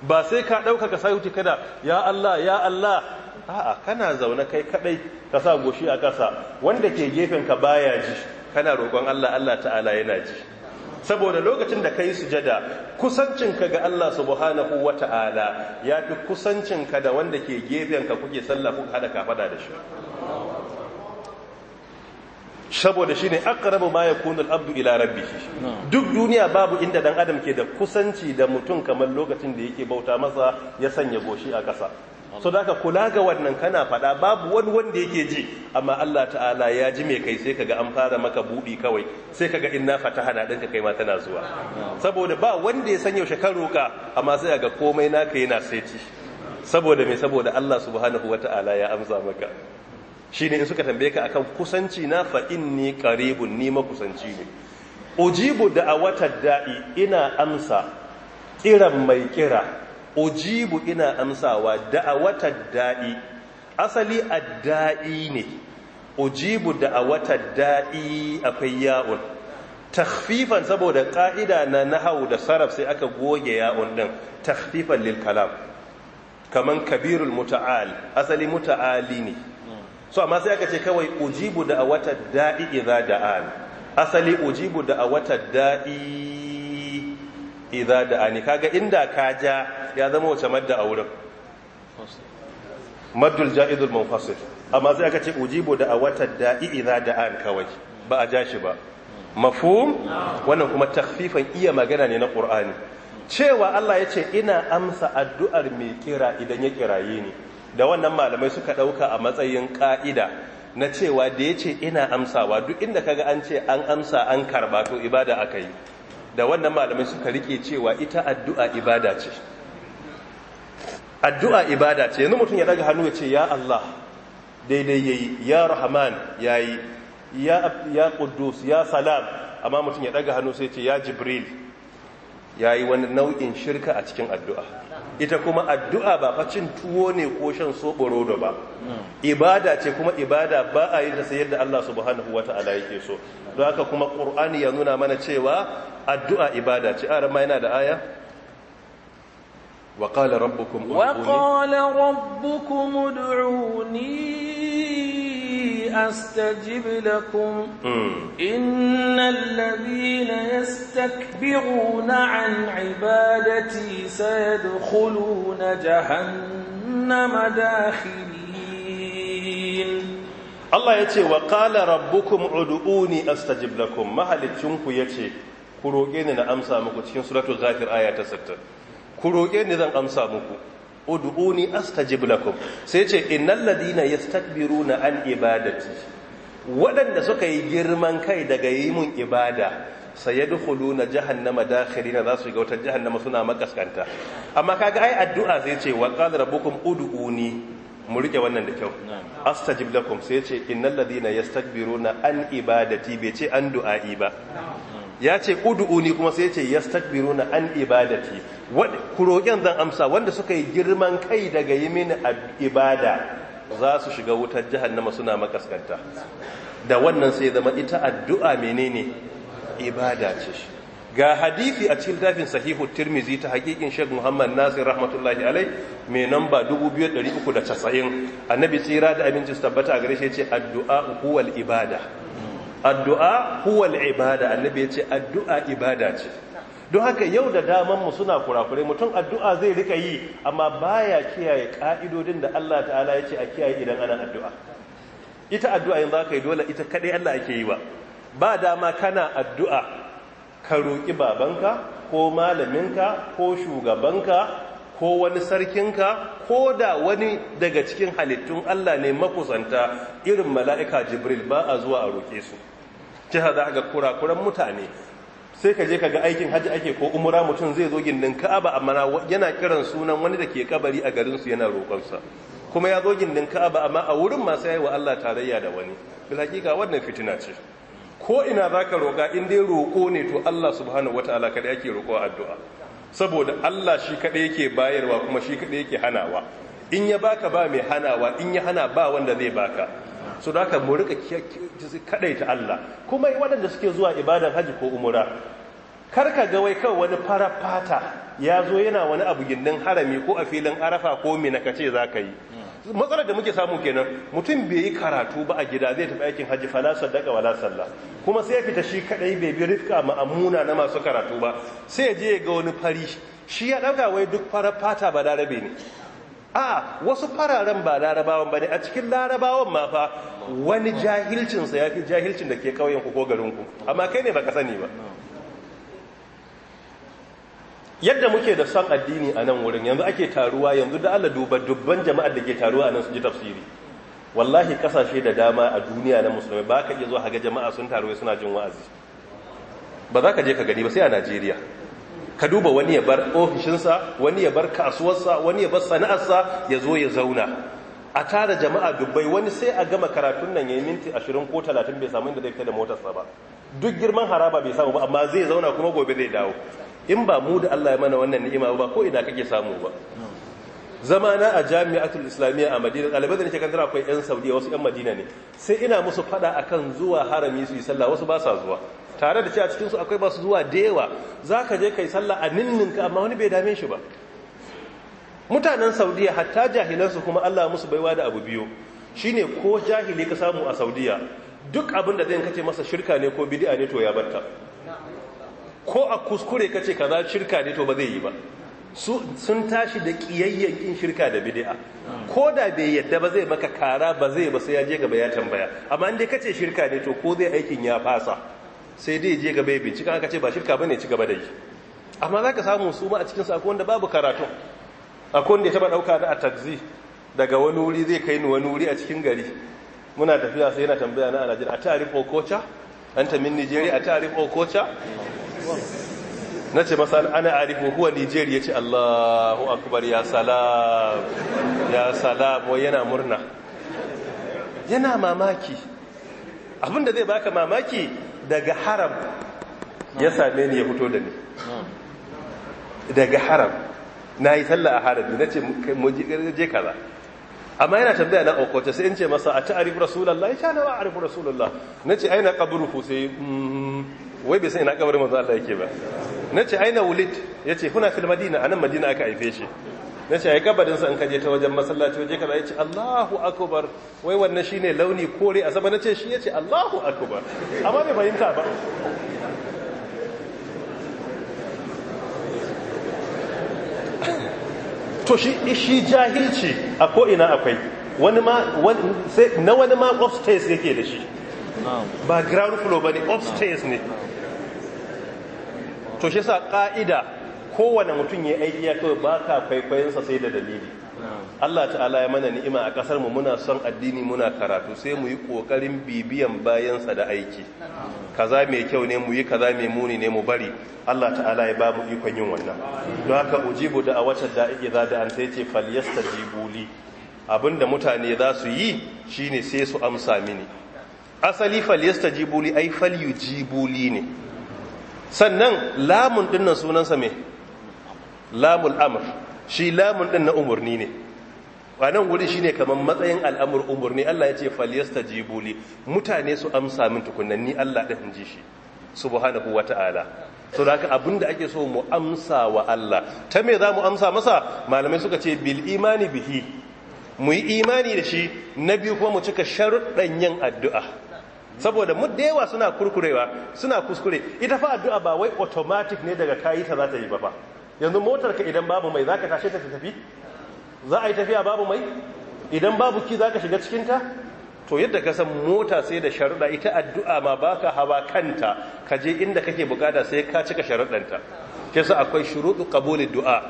Speaker 1: ba sai ka ɗaukaka sauti kada ya Allah ya Allah a'a kana zaune kai kadai ka sa goshi a ƙasa wanda ke gefen ka baya ji kana roƙon Allah Allah ta'ala yana ji saboda lokacin da kai sujada kusancinka ga Allah subhanahu wata'ala yafi kusancinka da wanda ke gefen ka kuke sallah kuka hada kafada da shi saboda shine aqrabu ma yakunu al-abdu ila rabbih duk duniya babu inda dan adam ke da kusanci da mutum kamar lokacin da yake bauta masa ya sanya goshi a ƙasa so da ka kula ga wannan kana faɗa babu wani wanda yake ji amma Allah ta'ala ya ji mai kai sai kaga an fara maka buɗi kawai sai kaga inna fataha na ka kai ma tana zuwa saboda ba wanda ya san yaushe kan roƙa amma sai ga komai naka yana saiti saboda me saboda Allah subhanahu wata'ala ya amsa maka shine in suka tambaye ka akan kusanci na fa inni qaribun ni makusanci ne ujibu da'awata da'i ina amsa kiran mai kira ujibu ina amsawa da a da'awatar da'i asali a adda'i ne ujibu da'awatar da'i akwai ya'un Takfifan saboda ka'ida na nahau da sarraf sai aka goge ya'un din takfifan lil kalam kaman kabirul muta'al asali muta'ali ne so amma sai aka ce kawai ujibu da'awatar da'i idza da'an asali ujibu da'awatar da'i idza da'ani kaga inda ka ja ya zama wace madda a wurin maddul ja'idul munfasil amma sai aka ce ujibu da a wata da'i da an kawai ba a ja shi ba mafhum wannan kuma takhfifan iya magana ne na qur'ani cewa Allah ya ce ina amsa addu'ar mai kira idan ya kiraye ni da wannan malamai suka dauka a matsayin ka'ida na cewa da ya ce ina amsawa duk inda kaga an ce an amsa an karba to ibada aka yi da wannan malamai suka rike cewa ita addu'a ibada ce addu'a ibada ce yanzu mutum ya daga hannu ya ce ya Allah daidai yayi ya rahman yayi ya ya quddus ya salam amma mutum ya daga hannu sai ya ce ya jibril yayi wani nau'in shirka a cikin addu'a ita kuma addu'a ba facin tuwo ne ko shan soɓorodo ba ibada ce kuma ibada ba a yi da sayar da Allah subhanahu wa ta'ala yake so don haka kuma ƙur'ani ya nuna mana cewa addu'a ibada ce a yana da aya wa ƙala ادعوني
Speaker 2: وقال أستجب لكم إن الذين يستكبرون عن عبادتي سيدخلون جهنم داخلين
Speaker 1: Allah ya ce wa ƙala rabbukum ud'uni astajib lakum mahalicinku ya ce ku roƙe ni na amsa muku cikin suratul zafir aya ku roƙe ni zan amsa muku ud'uni astajib lakum sai ce innal ladina yastakbiruna an ibadati waɗanda suka yi girman kai daga yi mun ibada sayadkhuluna jahannama dakhirina za su ga wata jahannama suna makaskanta amma kaga ai addu'a sai ce wa qala rabbukum ud'uni mu rike wannan da kyau astajib lakum sai ce innal ladina yastakbiruna an ibadati bai ce an du'a'i ba ya ce ni, kuma sai ya ce na an ibadati ku roƙen zan amsa wanda suka yi girman kai daga yi mini ibada za su shiga wutar jahannama suna makaskanta da wannan sai zama ita addu'a menene ibada ce ga hadisi a cikin tafin sahihu tirmizi ta hakikin shek muhammad nasir rahmatullahi alai mai namba 2390 annabi tsira da abinci su tabbata a gare shi ce addu'a ukuwal ibada addu'a huwal ibada annabi ya ce addu'a ibada ce don haka yau da damanmu suna kurakure mutum addu'a zai rika yi amma baya kiyaye ƙa'idodin da Allah ta'ala ya ce a kiyaye idan ana addu'a ita addu'a yin za ka yi dole ita kaɗai Allah ake yi ba. ba dama kana addu'a ka roƙi babanka ko malaminka ko shugabanka ko wani sarkinka ko da wani daga cikin halittun Allah ne makusanta irin mala'ika Jibril ba a zuwa a roƙe su. jihar za ga kurakuran mutane sai ka je ka ga aikin hajji ake ko umura mutum zai zo gindin ka'aba amma yana kiran sunan wani da ke kabari a garinsu yana roƙonsa kuma ya zo gindin ka'aba amma a wurin masu yayi wa Allah tarayya da wani bil hakika wannan fitina ce ko ina za ka roƙa in dai roƙo ne to Allah subhanahu wataala kada yake roƙo addu'a saboda Allah shi kada yake bayarwa kuma shi kada yake hanawa in ya baka ba mai hanawa in ya hana ba wanda zai baka Su da haka mu rika ta Allah kuma waɗanda suke zuwa ibadan haji ko umura kar ka ga wai kawai wani fara fata ya zo yana wani abu gindin harami ko a filin arafa ko mina ka ce za ka yi matsalar da muke samu kenan mutum bai yi karatu ba a gida zai tafi aikin hajji falasar daga wala sallah kuma sai ya fita shi kadai bai bi rifka ma'amuna na masu karatu ba sai ya je ya ga wani fari shi ya ɗauka wai duk farar fata ba larabe ne a wasu fararen ba larabawan ba ne a cikin larabawan ma fa wani jahilcinsa ya fi jahilcin da ke ƙauyenku ko garinku amma kai ne ba ka sani ba yadda muke da son addini a nan wurin yanzu ake taruwa yanzu da Allah duba dubban jama'ar da ke taruwa a nan su ji tafsiri wallahi kasashe da dama a duniya na musulmi ba ka iya zuwa haga jama'a sun taruwa suna jin wa'azi ba za ka je ka gani ba sai a najeriya ka duba wani ya bar ofishinsa wani ya bar kasuwarsa wani ya bar sana'arsa ya zo ya zauna a tara jama'a dubbai wani sai a gama karatun nan ya yi minti ashirin ko talatin bai samu inda zai fita da motarsa ba duk girman haraba bai samu ba amma zai zauna kuma gobe zai dawo in ba mu da Allah ya mana wannan ni'ima ba ko ina kake samu ba na a jami'atul islamiyya a madina ɗalibai da nake kan akwai 'yan saudiya wasu 'yan madina ne sai ina musu faɗa akan zuwa harami su yi sallah wasu ba sa zuwa tare da ce a cikinsu akwai masu zuwa da yawa za ka je kai sallah a ninninka amma wani bai dame shi ba mutanen saudiya hatta jahilansu kuma allah musu baiwa da abu biyu shine ko jahili ka samu a saudiya duk abin da zai kace masa shirka ne ko bidi'a ne to ya batta ko a kuskure kace kaza shirka ne to ba zai yi ba sun tashi da kiyayyen kin shirka da bidi'a ko da bai yadda ba zai maka kara ba zai ba sai ya je gaba ya tambaya amma in dai kace shirka ne to ko zai aikin ya fasa sai dai je gaba ya bincika aka ce ba shirka bane ci gaba da yi amma zaka samu su ma a cikin sako wanda babu karatu akwai wanda ya taba dauka da a taxi daga wani wuri zai kai ni wani wuri a cikin gari muna tafiya sai yana tambaya na alajin a tarif okocha an ta min nigeria a tarif okocha na ce masa ana arifu huwa nigeria ce allahu akbar ya salam ya salam wai yana murna yana mamaki abinda zai baka mamaki daga haram ya same ni ya fito da ni daga haram na yi talla a haram na ce je kaza amma yana tambaya na okoce sai in ce masa a arifu rasulallah ya ce na arifu rasulallah na ce aina qabruhu sai mm, wai bai san ina kabarin manzo Allah yake ba na ce aina wulit ya ce kuna filmadina a nan madina aka haife shi na ce ai kabarin sa in kaje ta wajen masallaci waje kaza yace Allahu akbar wai wannan shine launi kore a sama nace shi yace Allahu akbar amma bai fahimta ba to shi shi jahilci a ko ina akwai wani ma sai na wani ma upstairs yake da shi ba ground floor bane upstairs ne to shi sa ka'ida kowane mutum ya aiki ya kawai ba ka kwaikwayonsa sai da dalili Allah ta'ala ya mana ni'ima a ƙasar mu muna son addini muna karatu sai mu yi ƙoƙarin bibiyan bayansa da aiki kaza mai kyau ne mu yi kaza mai muni ne mu bari Allah ta'ala ya ba mu ikon yin wannan don haka ujibu da a wacce ake za da an sai ce jibuli jibuli, abinda mutane za su yi shine sai su amsa mini asali falyasta jibuli ai falyu jibuli ne sannan lamun dinnan sunansa me lamul amr shi lamun din na umurni ne wannan wuri shine kaman matsayin al'amur umurni Allah ya ce falyastajibu li mutane su amsa min tukunnan Allah din ji shi subhanahu wata'ala so da haka abinda ake so mu amsa wa Allah ta me za mu amsa masa malamai suka ce bil imani bihi mu yi imani da shi na biyu kuma mu cika sharuɗan yin addu'a saboda mu da yawa suna kurkurewa suna kuskure ita fa addu'a ba wai automatic ne daga kayi ta za ta yi ba ba yanzu motarka idan babu mai za ka ta tafi za a yi tafiya babu mai idan babu ki za ka shiga cikinta to yadda ka san mota sai da sharuɗa ita addu'a ma ba ka hawa kanta ka je inda kake bukata sai ka cika sharuɗanta Kisa akwai shuruɗu ƙabulin du'a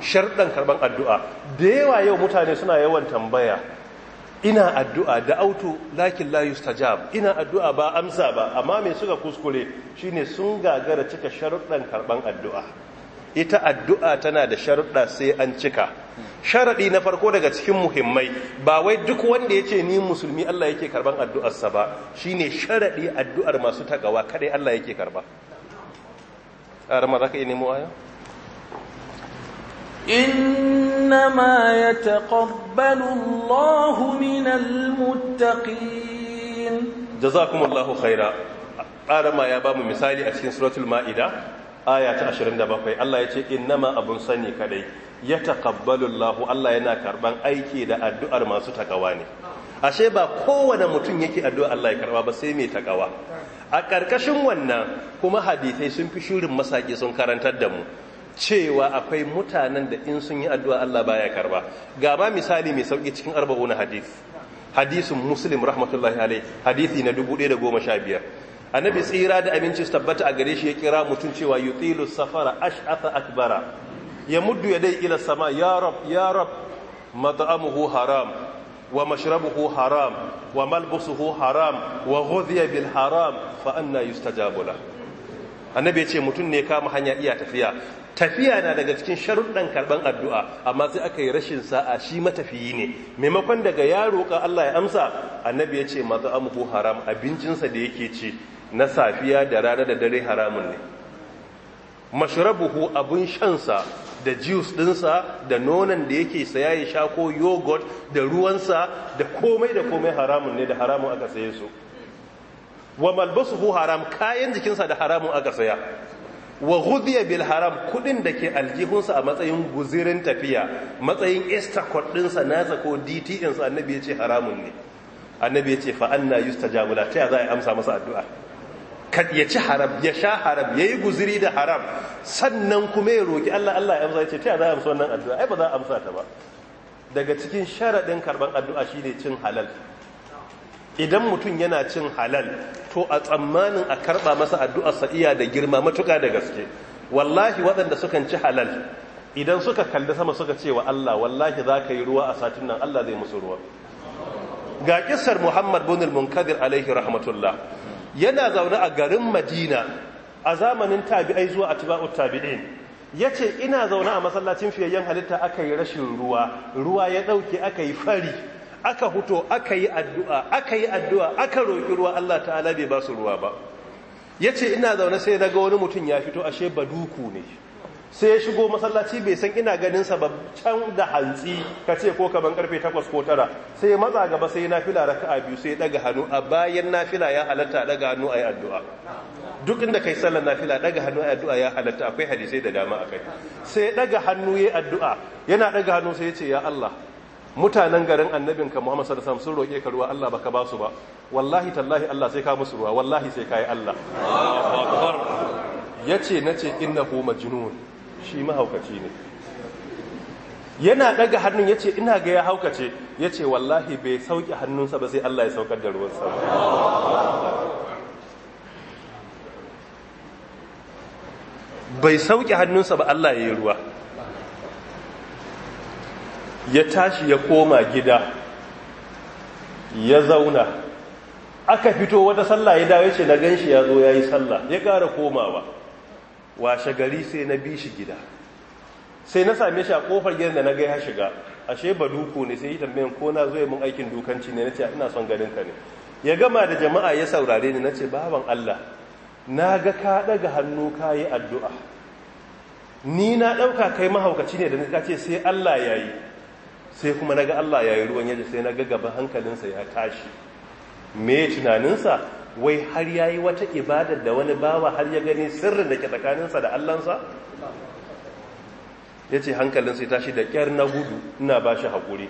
Speaker 1: sharuɗan karɓar addu'a da yawa yau mutane suna yawan tambaya ina addu'a da auto lakin la yustajab ina addu'a ba amsa ba amma mai suka kuskure shine sun gagara cika sharuɗan karɓar addu'a ita addu'a tana da sharuɗa sai an cika sharaɗi na farko daga cikin muhimmai ba wai duk wanda ya ce ni musulmi Allah yake karban addu'arsa ba shine sharaɗi addu'ar masu takawa kaɗai Allah yake karba za ka iya nemo aya?
Speaker 2: إنما يتقبل الله من المتقين
Speaker 1: جزاكم aya ta 27 Allah ya ce innama abun sani kadai ya taqabbalu Allahu Allah yana karban aiki da addu'ar masu takawa ne ashe ba kowane mutum yake addu'a Allah ya karba ba sai mai takawa a karkashin wannan kuma hadisai sun fi shirin masaki sun karantar da mu cewa akwai mutanen da in sun yi addu'a Allah baya karba gaba misali mai sauki cikin arba'una hadith hadisin muslim rahmatullahi alaihi hadisi na biyar. annabi tsira da abinci su tabbata a gare shi ya kira mutum cewa yutilu safara ash'atha akbara ya muddu ya dai ila sama ya rab ya rab mat'amuhu haram wa mashrabuhu haram wa malbusuhu haram wa ghudhiya bil haram fa anna yustajabu la annabi ya ce mutum ne kama hanya iya tafiya tafiya na daga cikin sharuɗan karɓan addu'a amma sai aka yi rashin sa'a shi matafiyi ne maimakon daga ya roƙa Allah ya amsa annabi ya ce amu amuhu haram abincinsa da yake ci na safiya da rana da dare haramun ne mashrabuhu abin shansa da juice ɗinsa da nonon da yake saya ya sha ko yogurt da ruwansa da komai da komai haramun ne da haramun aka saye su wa malbasuhu haram kayan jikinsa da haramun aka saya wa ghudhiya bil haram kudin da ke aljihunsa a matsayin guzirin tafiya matsayin extra code na ko DTN sa annabi ya ce haramun ne annabi ya fa anna yustajabu Jamula, ta za a amsa masa addu'a ya ci haram ya sha haram ya yi guziri da haram sannan kuma ya roƙi Allah Allah ya amsa ta ya za a amsa wannan addu'a ai ba za a amsa ta ba daga cikin sharaɗin karɓar addu'a shine cin halal idan mutum yana cin halal to a tsammanin a karba masa addu'a, sa'iya da girma matuka da gaske wallahi waɗanda sukan ci halal idan suka kalli sama suka ce wa Allah wallahi za ka yi ruwa a satin nan Allah zai musu ruwa ga ƙisar Muhammad bin munkadir alaihi rahmatullah yana zaune a garin Madina a zamanin tabi'ai zuwa a atba'ut tabi'in ya ce ina zaune a masallacin fiyayyen halitta aka yi rashin ruwa ruwa ya ɗauke aka yi fari aka huto aka yi addu'a aka yi addu'a aka roƙi ruwa Allah ta'ala bai ba su ruwa ba ya ce ina zaune sai daga wani mutum ya fito ashe duku ne sai ya shigo masallaci bai san ina ganinsa ba can da hantsi ka ce ko kaman karfe takwas ko tara. sai ya matsa gaba sai na fila a biyu sai ya daga hannu a bayan na fila ya halatta daga hannu a yi addu'a duk inda kai sallar na fila daga hannu a yi addu'a ya halatta akwai hadisai da dama a kai. sai ya daga hannu ya yi addu'a yana daga hannu sai ya ce ya Allah mutanen garin annabin ka Muhammad sallallahu alaihi wasallam sun roke ka ruwa Allah baka ba su ba wallahi tallahi Allah sai ka musu ruwa wallahi sai kai Allah yace nace innahu majnun shi mahaukaci ne yana daga hannun yace ina ga ya haukace yace wallahi bai sauki hannunsa ba sai Allah ya saukar da ruwan sa. bai sauki hannunsa ba Allah ya yi ruwa ya tashi ya koma gida ya zauna aka fito wata sallah ya dawo ce na ganshi ya zo ya yi sallah ya ƙara komawa washe gari sai na bi shi gida sai na same shi a ƙofar gidan da na gai ha shiga ashe ba duku ne sai yi tambayin ko na zo ya mun aikin dukanci ne na ce ina son ganin ka ne ya gama da jama'a ya saurare ni na ce baban Allah na ga ka daga hannu ka yi addu'a ni na ɗauka kai mahaukaci ne da na ce sai Allah ya yi sai kuma naga Allah ya yi ruwan yaji sai naga gaba hankalinsa ya tashi me tunaninsa wai har ya yi wata ibadar da wani bawa har ya gani sirrin da ke tsakaninsa da Allahnsa ya ce hankalinsa ya tashi da kyar na gudu ina ba shi haƙuri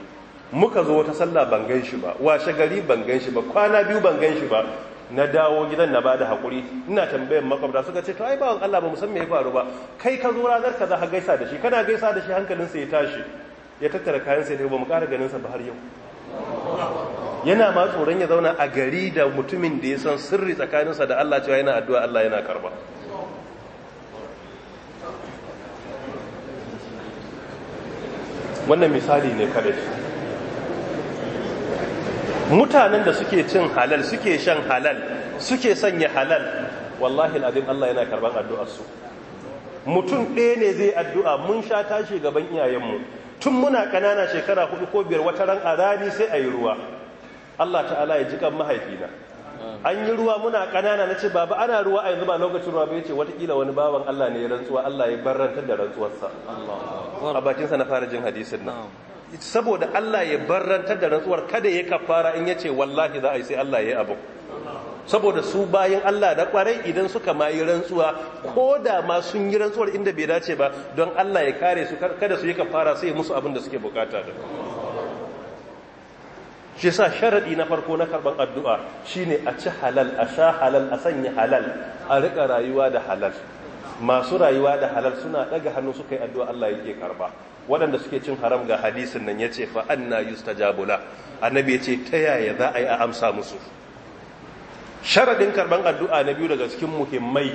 Speaker 1: muka zo wata sallah ban gan ba washe gari ban gan ba kwana biyu ban ganshi ba na dawo gidan na bada hakuri ina tambayar makwabta suka ce to ai bawan Allah ba musamman ya faru ba kai ka zo ranar ka za ka gaisa da shi kana gaisa da shi hankalinsa ya tashi ya tattara kayansa ya ba mu ƙara ganinsa ba har yau yana ma tsoron ya zauna a gari da mutumin da ya san sirri tsakaninsa da Allah cewa yana addu'a Allah yana karba wannan misali ne kadai mutanen da suke cin halal suke shan halal suke sanya halal wallahi al'adim Allah yana karban addu'arsu mutum ɗaya ne zai addu'a mun sha tashi gaban iyayenmu tun muna kanana shekara hudu ko biyar wata ran a sai a yi ruwa Allah ta'ala ya ji kan mahaifina an yi ruwa muna ƙanana na ce baba ana ruwa a yanzu ba lokacin ruwa bai ce watakila wani baban Allah ne ya rantsuwa Allah ya barrantar da rantsuwarsa a bakinsa na fara jin hadisin nan saboda Allah ya barrantar da rantsuwar kada ya kafara in ya ce wallahi za a yi sai Allah ya yi abu saboda su bayan Allah da kwarai idan suka ma yi rantsuwa ko da ma sun yi rantsuwar inda bai dace ba don Allah ya kare su kada su yi kafara sai musu abin da suke bukata da shi sa sharadi na farko na karban addu'a shine a ci halal a sha halal a sanya halal a rika rayuwa da halal masu rayuwa da halal suna daga hannu suka yi addu'a Allah yake karba waɗanda suke cin haram ga hadisin nan yace fa anna yustajabula annabi yace ta yaya za a yi a amsa musu sharadin karban addu'a na biyu daga cikin muhimmai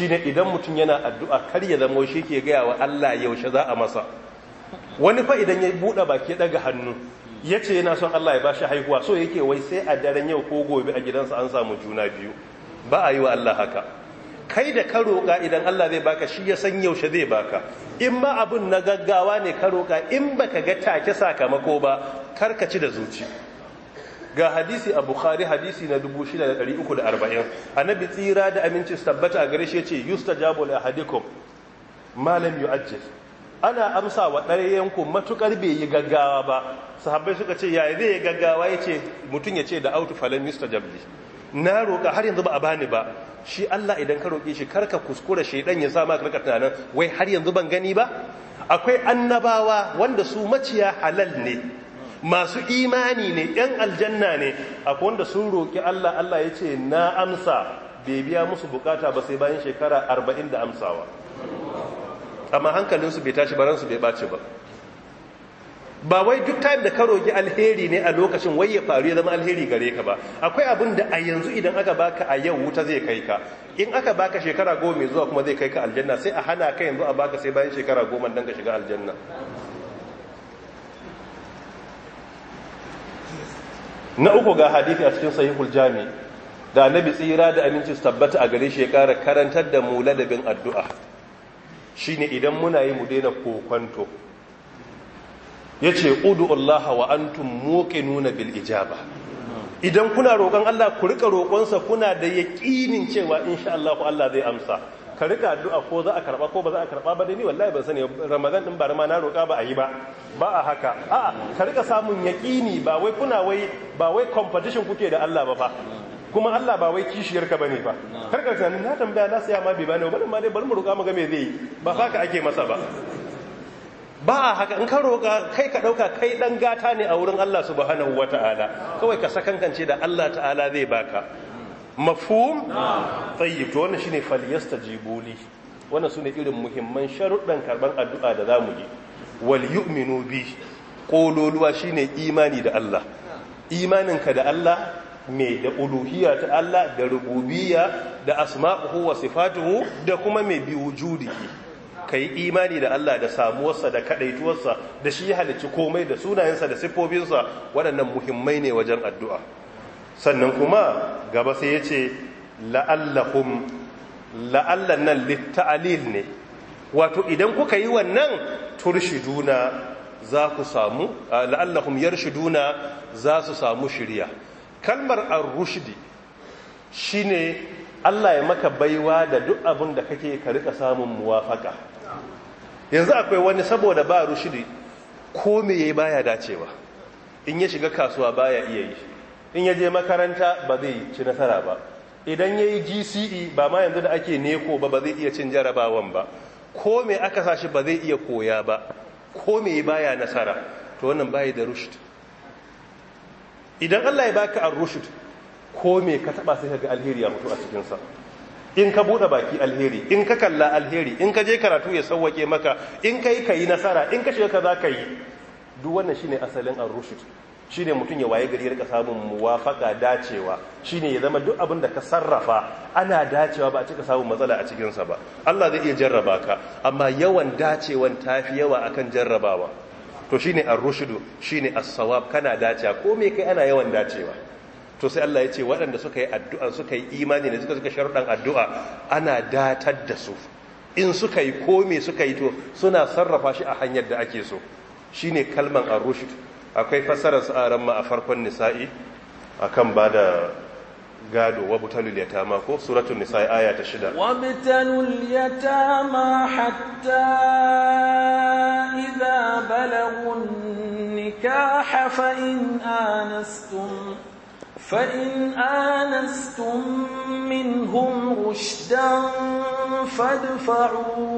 Speaker 1: ne idan mutum yana addu'a kar ya zama shi ke gaya wa Allah yaushe za a masa wani fa idan ya buɗe baki ɗaga hannu ya ce yana son Allah ya bashi haihuwa so yake wai sai a daren yau ko gobe a gidansa an samu juna biyu ba a yi wa Allah haka kai da ka roƙa idan Allah zai baka shi ya san yaushe zai baka in ma abun na gaggawa ne ka roƙa in baka ga take sakamako ba kar ka ci da zuci ga hadisi a bukhari hadisi na 6340 annabi tsira da aminci tabbata gare shi yace yustajabu li ahadikum malam yu'ajjil ana amsa wa ɗayan ku matukar bai yi gaggawa ba sahabbai suka ce yaya zai yi gaggawa yace mutun yace da autu falan Yusta li na roƙa har yanzu ba a bani ba shi Allah idan ka roƙi shi karka kuskura shaidan ya sa maka rika tunanin wai har yanzu ban gani ba akwai annabawa wanda su maciya halal ne masu imani ne yan aljanna ne akwai wanda sun roƙi Allah Allah ya ce na amsa bai biya musu bukata ba sai bayan shekara arba'in da amsawa amma hankalinsu bai tashi baransu bai ɓace ba ba wai duk time da ka roƙi alheri ne a lokacin wai ya faru ya zama alheri gare ka ba akwai abin da a yanzu idan aka baka a yau wuta zai kai ka in aka baka shekara goma mai zuwa kuma zai kai ka aljanna sai a hana ka yanzu a baka sai bayan shekara goma dan ka shiga aljanna na uku ga hadithi a cikin sahihul jami da annabi tsira da aminci su tabbata a gare shi ya kara karantar da mu ladabin addu'a shine idan muna yi mu daina kokonto yace udu Allah wa antum nuna bil ijaba idan kuna roƙon Allah ku rika roƙonsa kuna da yaƙinin cewa insha Allah Allah zai amsa ka rika addu'a ko za a karba ko ba za a karba ba dai ni wallahi ban sani ramadan din bara ma na roka ba a yi ba ba a haka a'a ka rika samun yaqini ba wai kuna wai ba wai competition kuke da Allah ba fa kuma Allah ba wai kishiyar ka bane ba ka tunanin na tambaya na sai ma bai bane ba ma dai bar mu roka mu ga me zai ba haka ake masa ba ba haka in ka roka kai ka dauka kai dan gata ne a wurin Allah subhanahu wataala kawai ka sakankance da Allah ta'ala zai baka mafhum tayyib to wannan shine falyastajibu li wannan sune irin muhimman sharuɗan karban addu'a da zamu yi wal yu'minu bi shi shine imani da Allah imaninka da Allah mai da uluhiyya ta Allah da rububiyya da asma'uhu wa sifatuhu da kuma mai bi wujudihi kai imani da Allah da samuwarsa da kaɗaituwarsa da shi halicci komai da sunayensa da siffofinsa waɗannan muhimmai ne wajen addu'a sannan kuma gaba sai ya ce la'allahum la'allan nan litta'alil ne wato idan kuka yi wannan turshiduna za ku samu la'allahum yarshiduna za su samu shirya kalmar ar-rushdi shine Allah ya maka baiwa da duk abin da kake ka rika samun muwafaka yanzu akwai wani saboda ba rushdi ko me yayi baya dacewa in ya shiga kasuwa baya iya yi in ya je makaranta ba zai ci nasara ba idan ya yi gce ba ma yanzu da ake neko ba ba zai iya cin jarabawan ba ko me aka sashi ba zai iya koya ba ko me baya nasara to wannan bayi da rushd idan allah ya baka an rushd ko me ka taba sai ga alheri ya mutu a cikinsa in ka buɗe baki alheri in ka kalla alheri in ka je karatu ya sauwake maka in ka yi ka yi nasara in ka shiga ka za ka yi duk wannan shine asalin an rushd Shi ne mutum ya waye gari ya rika samun muwafaka dacewa Shi ne ya zama duk abin da ka sarrafa ana dacewa ba a cika samun matsala a cikinsa ba Allah zai iya jarraba ka amma yawan dacewan ta fi yawa akan jarrabawa to shi shine ar shi shine as-sawab kana dacewa ko me kai ana yawan dacewa to sai Allah ya ce waɗanda suka yi addu'a suka yi imani ne suka suka sharuɗan addu'a ana datar da su in suka yi ko me suka yi to suna sarrafa shi a hanyar da ake so shine kalman ar-rushd akwai fassarar tsaran ma a farkon nisa'i akan ba da gado wa butalul yatama ko suratul nisa'i aya ta shida
Speaker 2: wa butalul yatama hatta idza balagun nikaha fa in anastum فإن آنستم منهم رشدا فادفعوا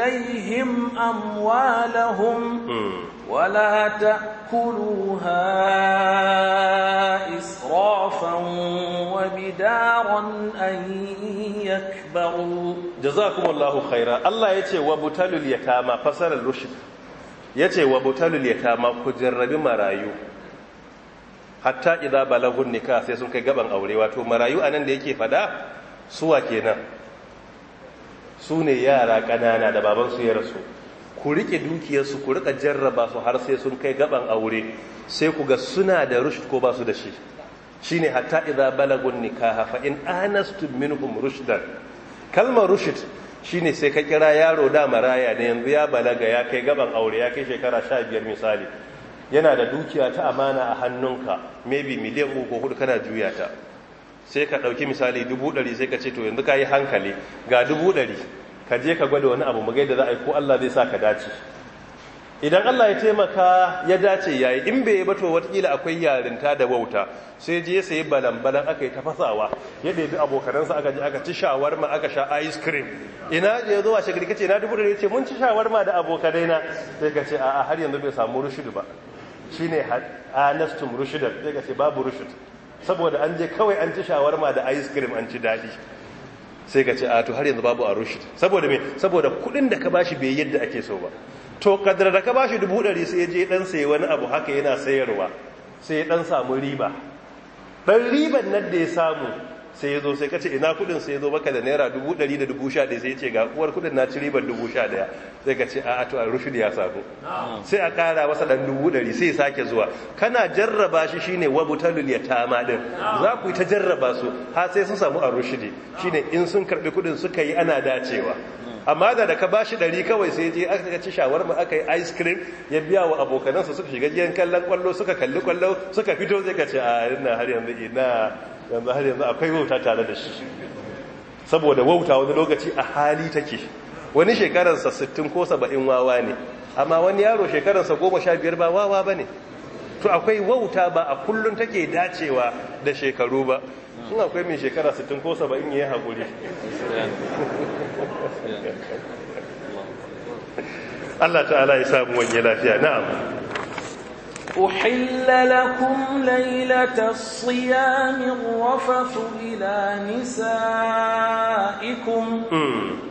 Speaker 2: إليهم أموالهم hmm. ولا تأكلوها إسرافا وبدارا أن yakbaru
Speaker 1: jazakumullahu khaira Allah yace wa butalul yatama fasarar rushd yace wa butalul yatama ku jarrabi marayu hatta idza balagun nika sai sun kai gaban aure wato marayu a nan da yake fada suwa kenan su ne yara ƙanana da babansu ya rasu ku riƙe dukiyarsu ku riƙa jarraba su har sai sun kai gaban aure sai ku ga suna da rushd ko ba su da shi shine hatta idza balagun nikaha fa in anastu minhum rushdan kalmar rushd shine sai ka kira yaro da maraya da yanzu ya balaga ya kai gaban aure ya kai shekara sha biyar misali yana da dukiya ta amana a hannunka maybe miliyan uku ko hudu kana juya ta sai ka ɗauki misali dubu ɗari sai ka ce to yanzu ka yi hankali ga dubu ɗari ka je ka gwada wani abu magai da za a yi ko Allah zai sa ka dace idan Allah ya taimaka ya dace yayi in bai yi bato watakila akwai yarinta da wauta sai je sai balan-balan aka yi tafasawa ya ɗebi abokanansa aka je aka ci shawarma aka sha ice cream ina je zuwa shagari ka ce na dubu ɗari ce mun ci shawarma da abokanai na sai ka ce a'a har yanzu bai samu rushudu ba shine anastum rushudan sai ka ce babu rushud saboda an je kawai an ci shawarma da ice cream an ci daɗi sai ka ce a to har yanzu babu a rushe. saboda me saboda kuɗin da ka bashi bai yadda ake so ba to kadar da ka bashi dubu ɗari sai je ɗan sayi wani abu haka yana sayarwa sai ɗan samu riba ɗan riban nan da ya samu sai ya zo sai kace ina kudin sai ya zo maka da naira 100,111 sai ya ce ga uwar kudin na ci ribar 11,000 sai ka ce a to a rushud ya sabu sai a kara masa dan 100,000 sai ya sake zuwa kana jarraba shi shine ya yatama din za ku yi ta jarraba su har sai sun samu a Shi shine in sun karbi kudin suka yi ana dacewa amma da da ka ba shi ɗari kawai sai je aka ci mu aka yi ice cream ya biya wa abokanansa suka shiga gidan kallon kwallo suka kalli kwallo suka fito zai kace a ina har yanzu ina yanzu har yanzu akwai wauta tare da shi saboda wauta wani lokaci a hali take wani shekararsa 60 ko 70 wawa ne amma wani yaro shekararsa 15 ba wawa ba ne to akwai wauta ba a kullum take dacewa da shekaru ba sun akwai mai shekara 60 ko 70 ya hakuri. Allah ta'ala ya samu wani lafiya na'am
Speaker 2: أحل لكم ليلة الصيام الرفث إلى نسائكم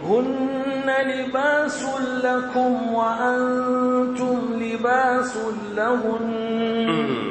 Speaker 2: هن لباس لكم وأنتم لباس لهن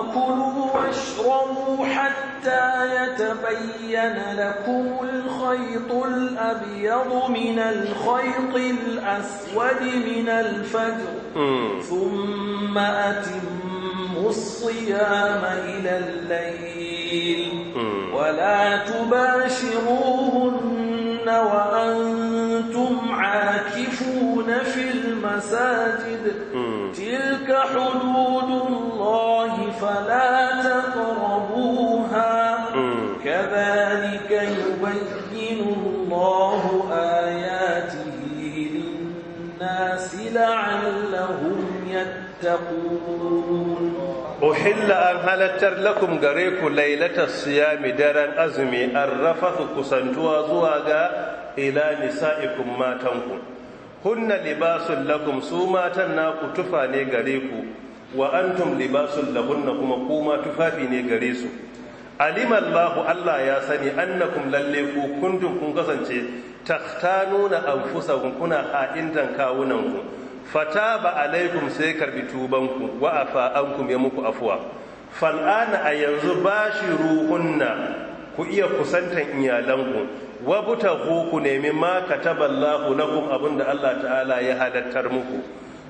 Speaker 2: وَكُلُوا وَاشْرَبُوا حَتَّى يَتَبَيَّنَ لَكُمُ الْخَيْطُ الْأَبْيَضُ مِنَ الْخَيْطِ الْأَسْوَدِ مِن الْفَجْرِ ثُمَّ أَتِمُّوا الصِّيَامَ إِلَى اللَّيْلِ وَلَا تُبَاشِرُوهُنَّ وَأَنْتُمْ عَاكِفُونَ فِي الْمَسَاجِدِ تِلْكَ حُدُودُ تتقون
Speaker 1: أحل أن هلتر لكم غريك ليلة الصيام دارا أزمي الرفث كسنتوا زواغا إلى نسائكم ما تنكم هن لباس لكم سوما تناكو تفاني غريكو وأنتم لباس لهن كما كوما تفافيني غريسو علم الله الله يا سني أنكم لليكو كنتم كنكسنتي تختانون أنفسكم كنا حائنتا كاوننكم fata ba alaikum sai karbi tubanku wa afa ankum muku afuwa fal'ana a yanzu ba bashi ruhunna ku iya kusantan iyalanku wa buta ku nemi ma ka kataballahu abun da Allah ta'ala ya hadattar muku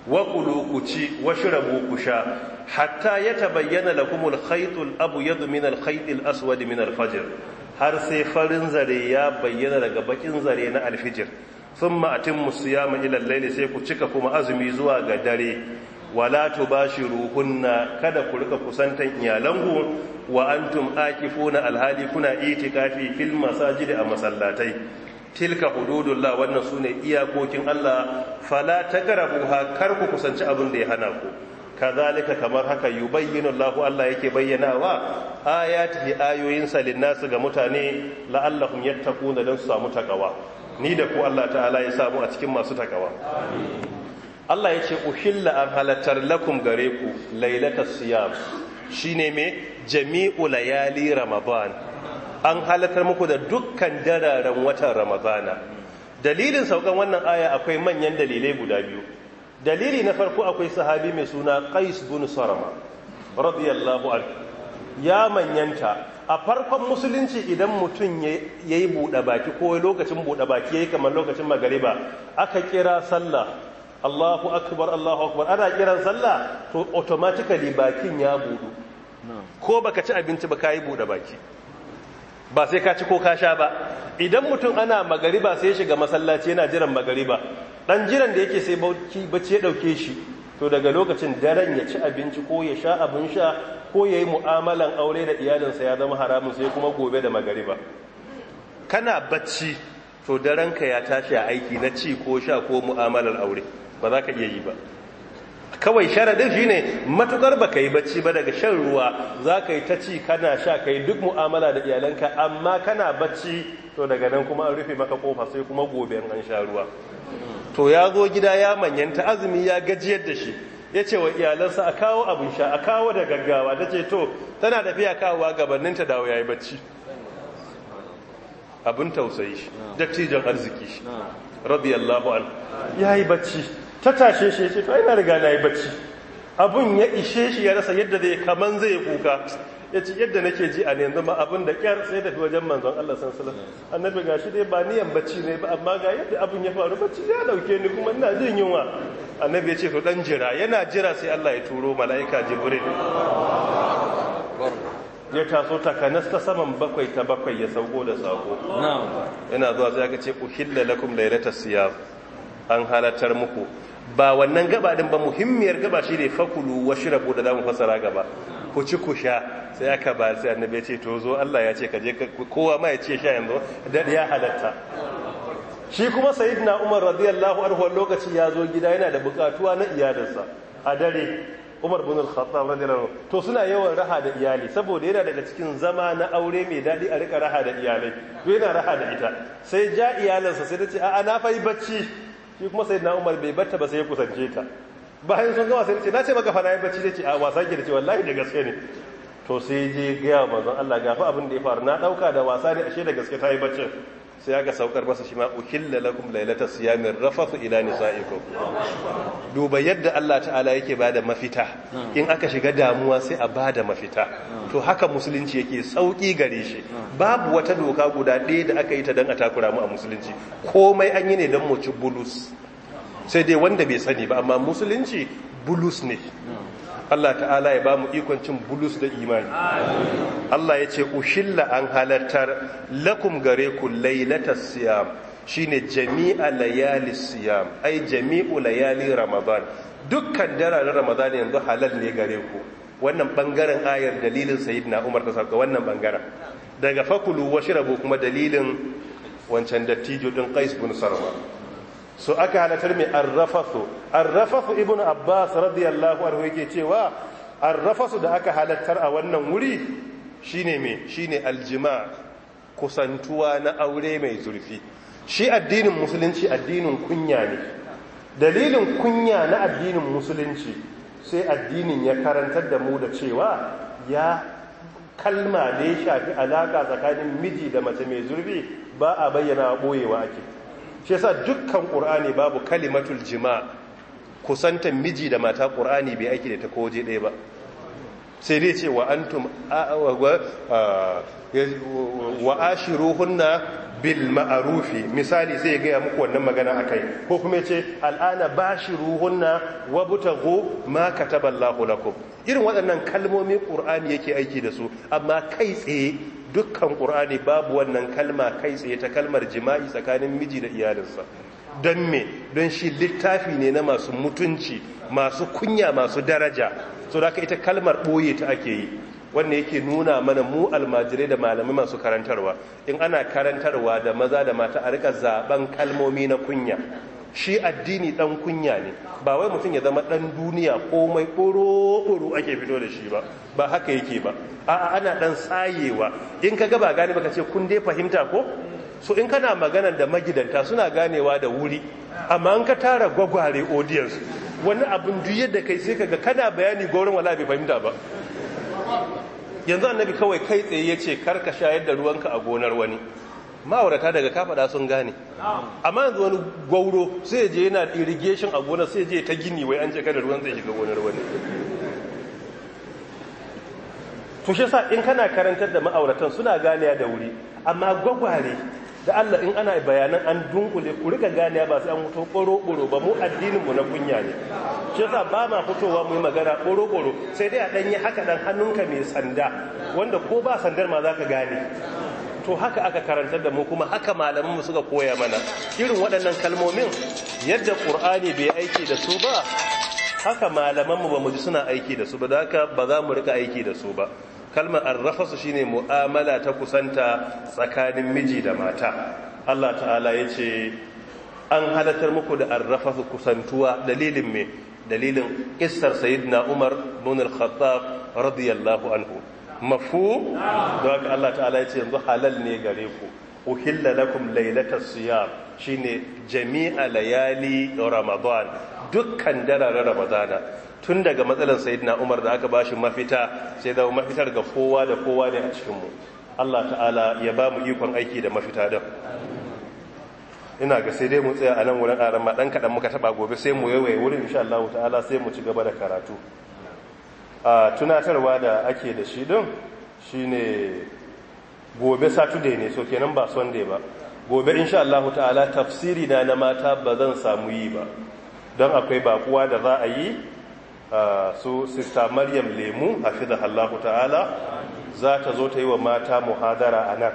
Speaker 1: wa ku ci wa shirabu ku sha hatta ya lakum al-khayt al abu ya al-khayt aswadi min har sai farin zare ya bayyana daga bakin zare na alfijir. thumma atimmu siyama ila ilallai layli sai ku cika kuma azumi zuwa ga dare wala ruhunna kada ku rika kusantan iyalanku wa antum aqifuna alhali kuna itikafi fil masajidi a masallatai tilka hududullah wannan sune iyakokin Allah fala taqrabuha kar ku kusanci abin da ya hana ku kazalika kamar haka yubayyinu Allah Allah yake bayyanawa ayatihi ayoyinsa linnasu ga mutane la'allahum yattaquna dan su samu takawa ni da ku Allah ta'ala ya samu a cikin masu takawa Allah ya ce uhilla an halattar lakum gare ku lailatul siyam shine me jami'u layali ramadan an halattar muku da dukkan dararen watan ramadana dalilin saukan wannan aya akwai manyan dalilai guda biyu dalili na farko akwai sahabi mai suna qais bin sarama radiyallahu anhu ya manyanta a farkon musulunci idan mutum ya yi buɗe baki ko lokacin buɗe baki ya yi kamar lokacin magariba aka kira sallah allahu akbar allahu akbar ana kiran sallah to automatically bakin ya buɗu ko baka ci abinci ba ka yi buɗe baki ba sai ka ci ko ka sha ba idan mutum ana magariba sai shiga masallaci yana jiran magariba ɗan jiran da yake sai bacci ya ɗauke shi to daga lokacin daren ya ci abinci ko ya sha abin sha ko ya yi mu'amalan aure da iyalinsa ya zama haramun sai kuma gobe da magariba kana bacci to daranka ya tashi a aiki na ci ko sha ko mu'amalar aure ba za ka iya yi ba kawai sharaɗin shi ne matuƙar ba ka yi bacci ba daga shan ruwa za ka yi ta ci kana sha ka yi duk mu'amala da iyalanka amma kana bacci to daga nan kuma an rufe maka kofa sai kuma gobe an sha ruwa to ya zo gida ya manyanta azumi ya gajiyar da shi ya ce wa iyalansa a kawo abin sha a kawo da gaggawa da ce to tana tafiya kawowa gabaninta dawo yayi yi bacci abin tausayi shi dattijan arziki shi radiyallahu an ya yi bacci ta tashe shi ce to ai riga na yi bacci abin ya ishe shi ya rasa yadda zai kaman zai kuka ya ce yadda nake ji a yanzu ma abin da kyar sai tafi wajen manzon Allah san salam annabi ga shi dai ba niyan bacci ne ba amma ga yadda abin ya faru bacci ya dauke ni kuma ina jin yunwa annabi ya ce to dan jira yana jira sai Allah ya turo mala'ika jibril ya taso takanas ta saman bakwai ta bakwai ya sauko da sako yana zuwa sai aka ce uhilla lakum laylatas siyam an halatar muku ba wannan gaba din ba muhimmiyar gaba shi ne fakulu shirabu da zamu fasara gaba ku ci ku sha sai aka ba sai annabi ya ce to zo Allah ya ce ka je kowa ma ya ce sha yanzu da ya halatta shi kuma sayyidina Umar radiyallahu anhu lokaci ya zo gida yana da bukatuwa na iyalinsa a dare Umar bin al-Khattab radiyallahu to suna yawan raha da iyali saboda yana daga cikin zama na aure mai dadi a rika raha da iyalai to yana raha da ita sai ja iyalinsa sai ta ce a'a na fa yi bacci shi kuma sayyidina Umar bai batta ba sai ya kusance ta bayan sun gama sai ce na ce maka fa na bacci da ce a wasa ke da ce wallahi da gaske ne to sai je gaya manzon Allah gafi abin da ya faru na dauka da wasa ne ashe da gaske ta yi bacci. sai aka saukar masa shi ma uhilla lakum lailata siyamin rafathu ila nisaikum duba yadda Allah ta'ala yake bada mafita in aka shiga damuwa sai a bada mafita to haka musulunci yake sauki gare shi babu wata doka guda ɗaya da aka yi ta dan a takura mu a musulunci komai an yi ne dan mu ci bulus sai dai wanda bai sani ba amma musulunci bulus ne Allah ta'ala ya ba mu ikon cin bulus da imani Allah ya ce ushilla an halartar lakum gare ku lailatas siyam shine jami'a layali siyam ai jami'u layali ramadan dukkan na ramadan yanzu halal ne gare ku wannan bangaren ayar dalilin sayyidina Umar ta sauka wannan bangaren daga fakulu washrabu kuma dalilin wancan dattijo din Qais bin Sarwa so aka halatar mai arrafasu arrafasu ibn abbas radiyallahu anhu yake cewa arrafasu da aka halatar a wannan wuri shine me shine aljima kusantuwa na aure mai zurfi shi addinin musulunci addinin kunya ne dalilin kunya na addinin musulunci sai addinin ya karantar da mu da cewa ya kalma ne shafi alaka tsakanin miji da mace mai zurfi ba a bayyana boyewa ake shi yasa dukkan ƙur'ani babu kalimatul jima kusantan miji da mata ƙurani bai aiki da ta koje ɗaya ba sai dai ce wa antum wa ashiruhunna bil ma'arufi misali zai gaya muku wannan magana a kai. ko kuma ce al'ana buta go ma kataballahu lakum irin waɗannan kalmomi ƙur'ani yake aiki da su amma kai tsaye dukkan ƙur'ani babu wannan kalma kai tsaye ta kalmar jima'i tsakanin miji da iyalinsa don me don shi littafi ne na masu mutunci masu kunya masu daraja so da aka ita kalmar ɓoye ta ake yi wanda yake nuna mana mu almajirai da malamai masu karantarwa in ana karantarwa da maza da mata a rika zaben kalmomi na kunya shi addini dan kunya ne ba wai mutum ya zama dan duniya ko komai ƙoro-ƙoro ake fito da shi ba ba haka yake ba a'a ana dan tsayewa in ka gaba gane baka ce kun dai fahimta ko so in kana maganar da magidanta suna ganewa da wuri amma an ka tara gwagware audience wani abin duk yadda kai sai kaga kana bayani gaurin wala bai fahimta ba yanzu annabi kawai kai tsaye ya ce karka shayar da ruwanka a gonar wani ma'aurata daga kafaɗa sun gane amma yanzu wani gwauro sai je yana irrigation a gonar sai je ta gini wai an je kada ruwan zai shiga gonar wani to sa in kana karantar da ma'auratan suna ganiya da wuri amma gwagware da Allah in ana bayanan an dunkule ku rika ganiya ba sai an mutu ƙoro-ƙoro ba mu addinin mu na kunya ne shi yasa ba ma fitowa mu yi magana ƙoro-ƙoro sai dai a ɗan yi haka ɗan hannunka mai sanda wanda ko ba sandar ma za ka gane to haka aka karantar da mu kuma haka malaman mu suka koya mana irin waɗannan kalmomin yadda ƙur'ani bai aiki da su ba haka malaman mu ba mu ji suna aiki da su ba da haka ba za mu rika aiki da su ba kalmar arrafasu ne mu'amala ta kusanta tsakanin miji da mata Allah ta'ala ya ce an halatar muku da arrafasu kusantuwa dalilin mai dalilin kissar na Umar nunar al radiyallahu anhu mafu don haka Allah ta'ala ya ce yanzu halal ne gare ku uhilla lakum lailatas siyam shine jami'a layali ramadan dukkan dararen ramadana tun daga matsalar sayidina umar da aka bashi mafita sai zama mafitar ga kowa da kowa ne a cikinmu allah ta'ala ya ba mu ikon aiki da mafita don ina ga sai dai mu tsaya a nan wurin aran ma dan kaɗan muka taɓa gobe sai mu yawai wurin insha Allah ta'ala sai mu ci gaba da karatu a tunatarwa da ake da shi don shi ne gobe saturday ne so kenan ba sunday ba gobe insha Allah ta'ala tafsiri na na mata ba zan samu yi ba don akwai bakuwa da za a yi Ah, su sista maryam lemu hafiza allahu ta'ala za ta zo ta yi wa mata muhadara a nan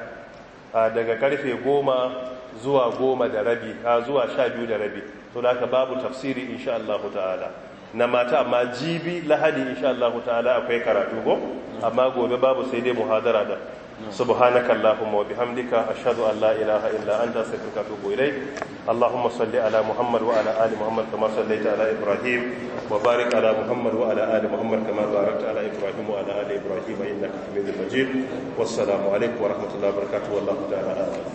Speaker 1: ah, daga karfe goma zuwa goma da rabi a ah, zuwa sha biyu da rabi to da aka babu tafsiri insha allahu ta'ala na mata amma jibi lahadi insha allahu ta'ala akwai karatu ko amma gobe babu sai dai muhadara da سبحانك اللهم وبحمدك أشهد أن لا إله إلا أنت أستغفرك وأتوب إليك اللهم صل على محمد وعلى آل محمد كما صليت على إبراهيم وبارك على محمد وعلى آل محمد كما باركت على إبراهيم وعلى آل إبراهيم إنك حميد مجيد والسلام عليكم ورحمة الله وبركاته والله تعالى آمين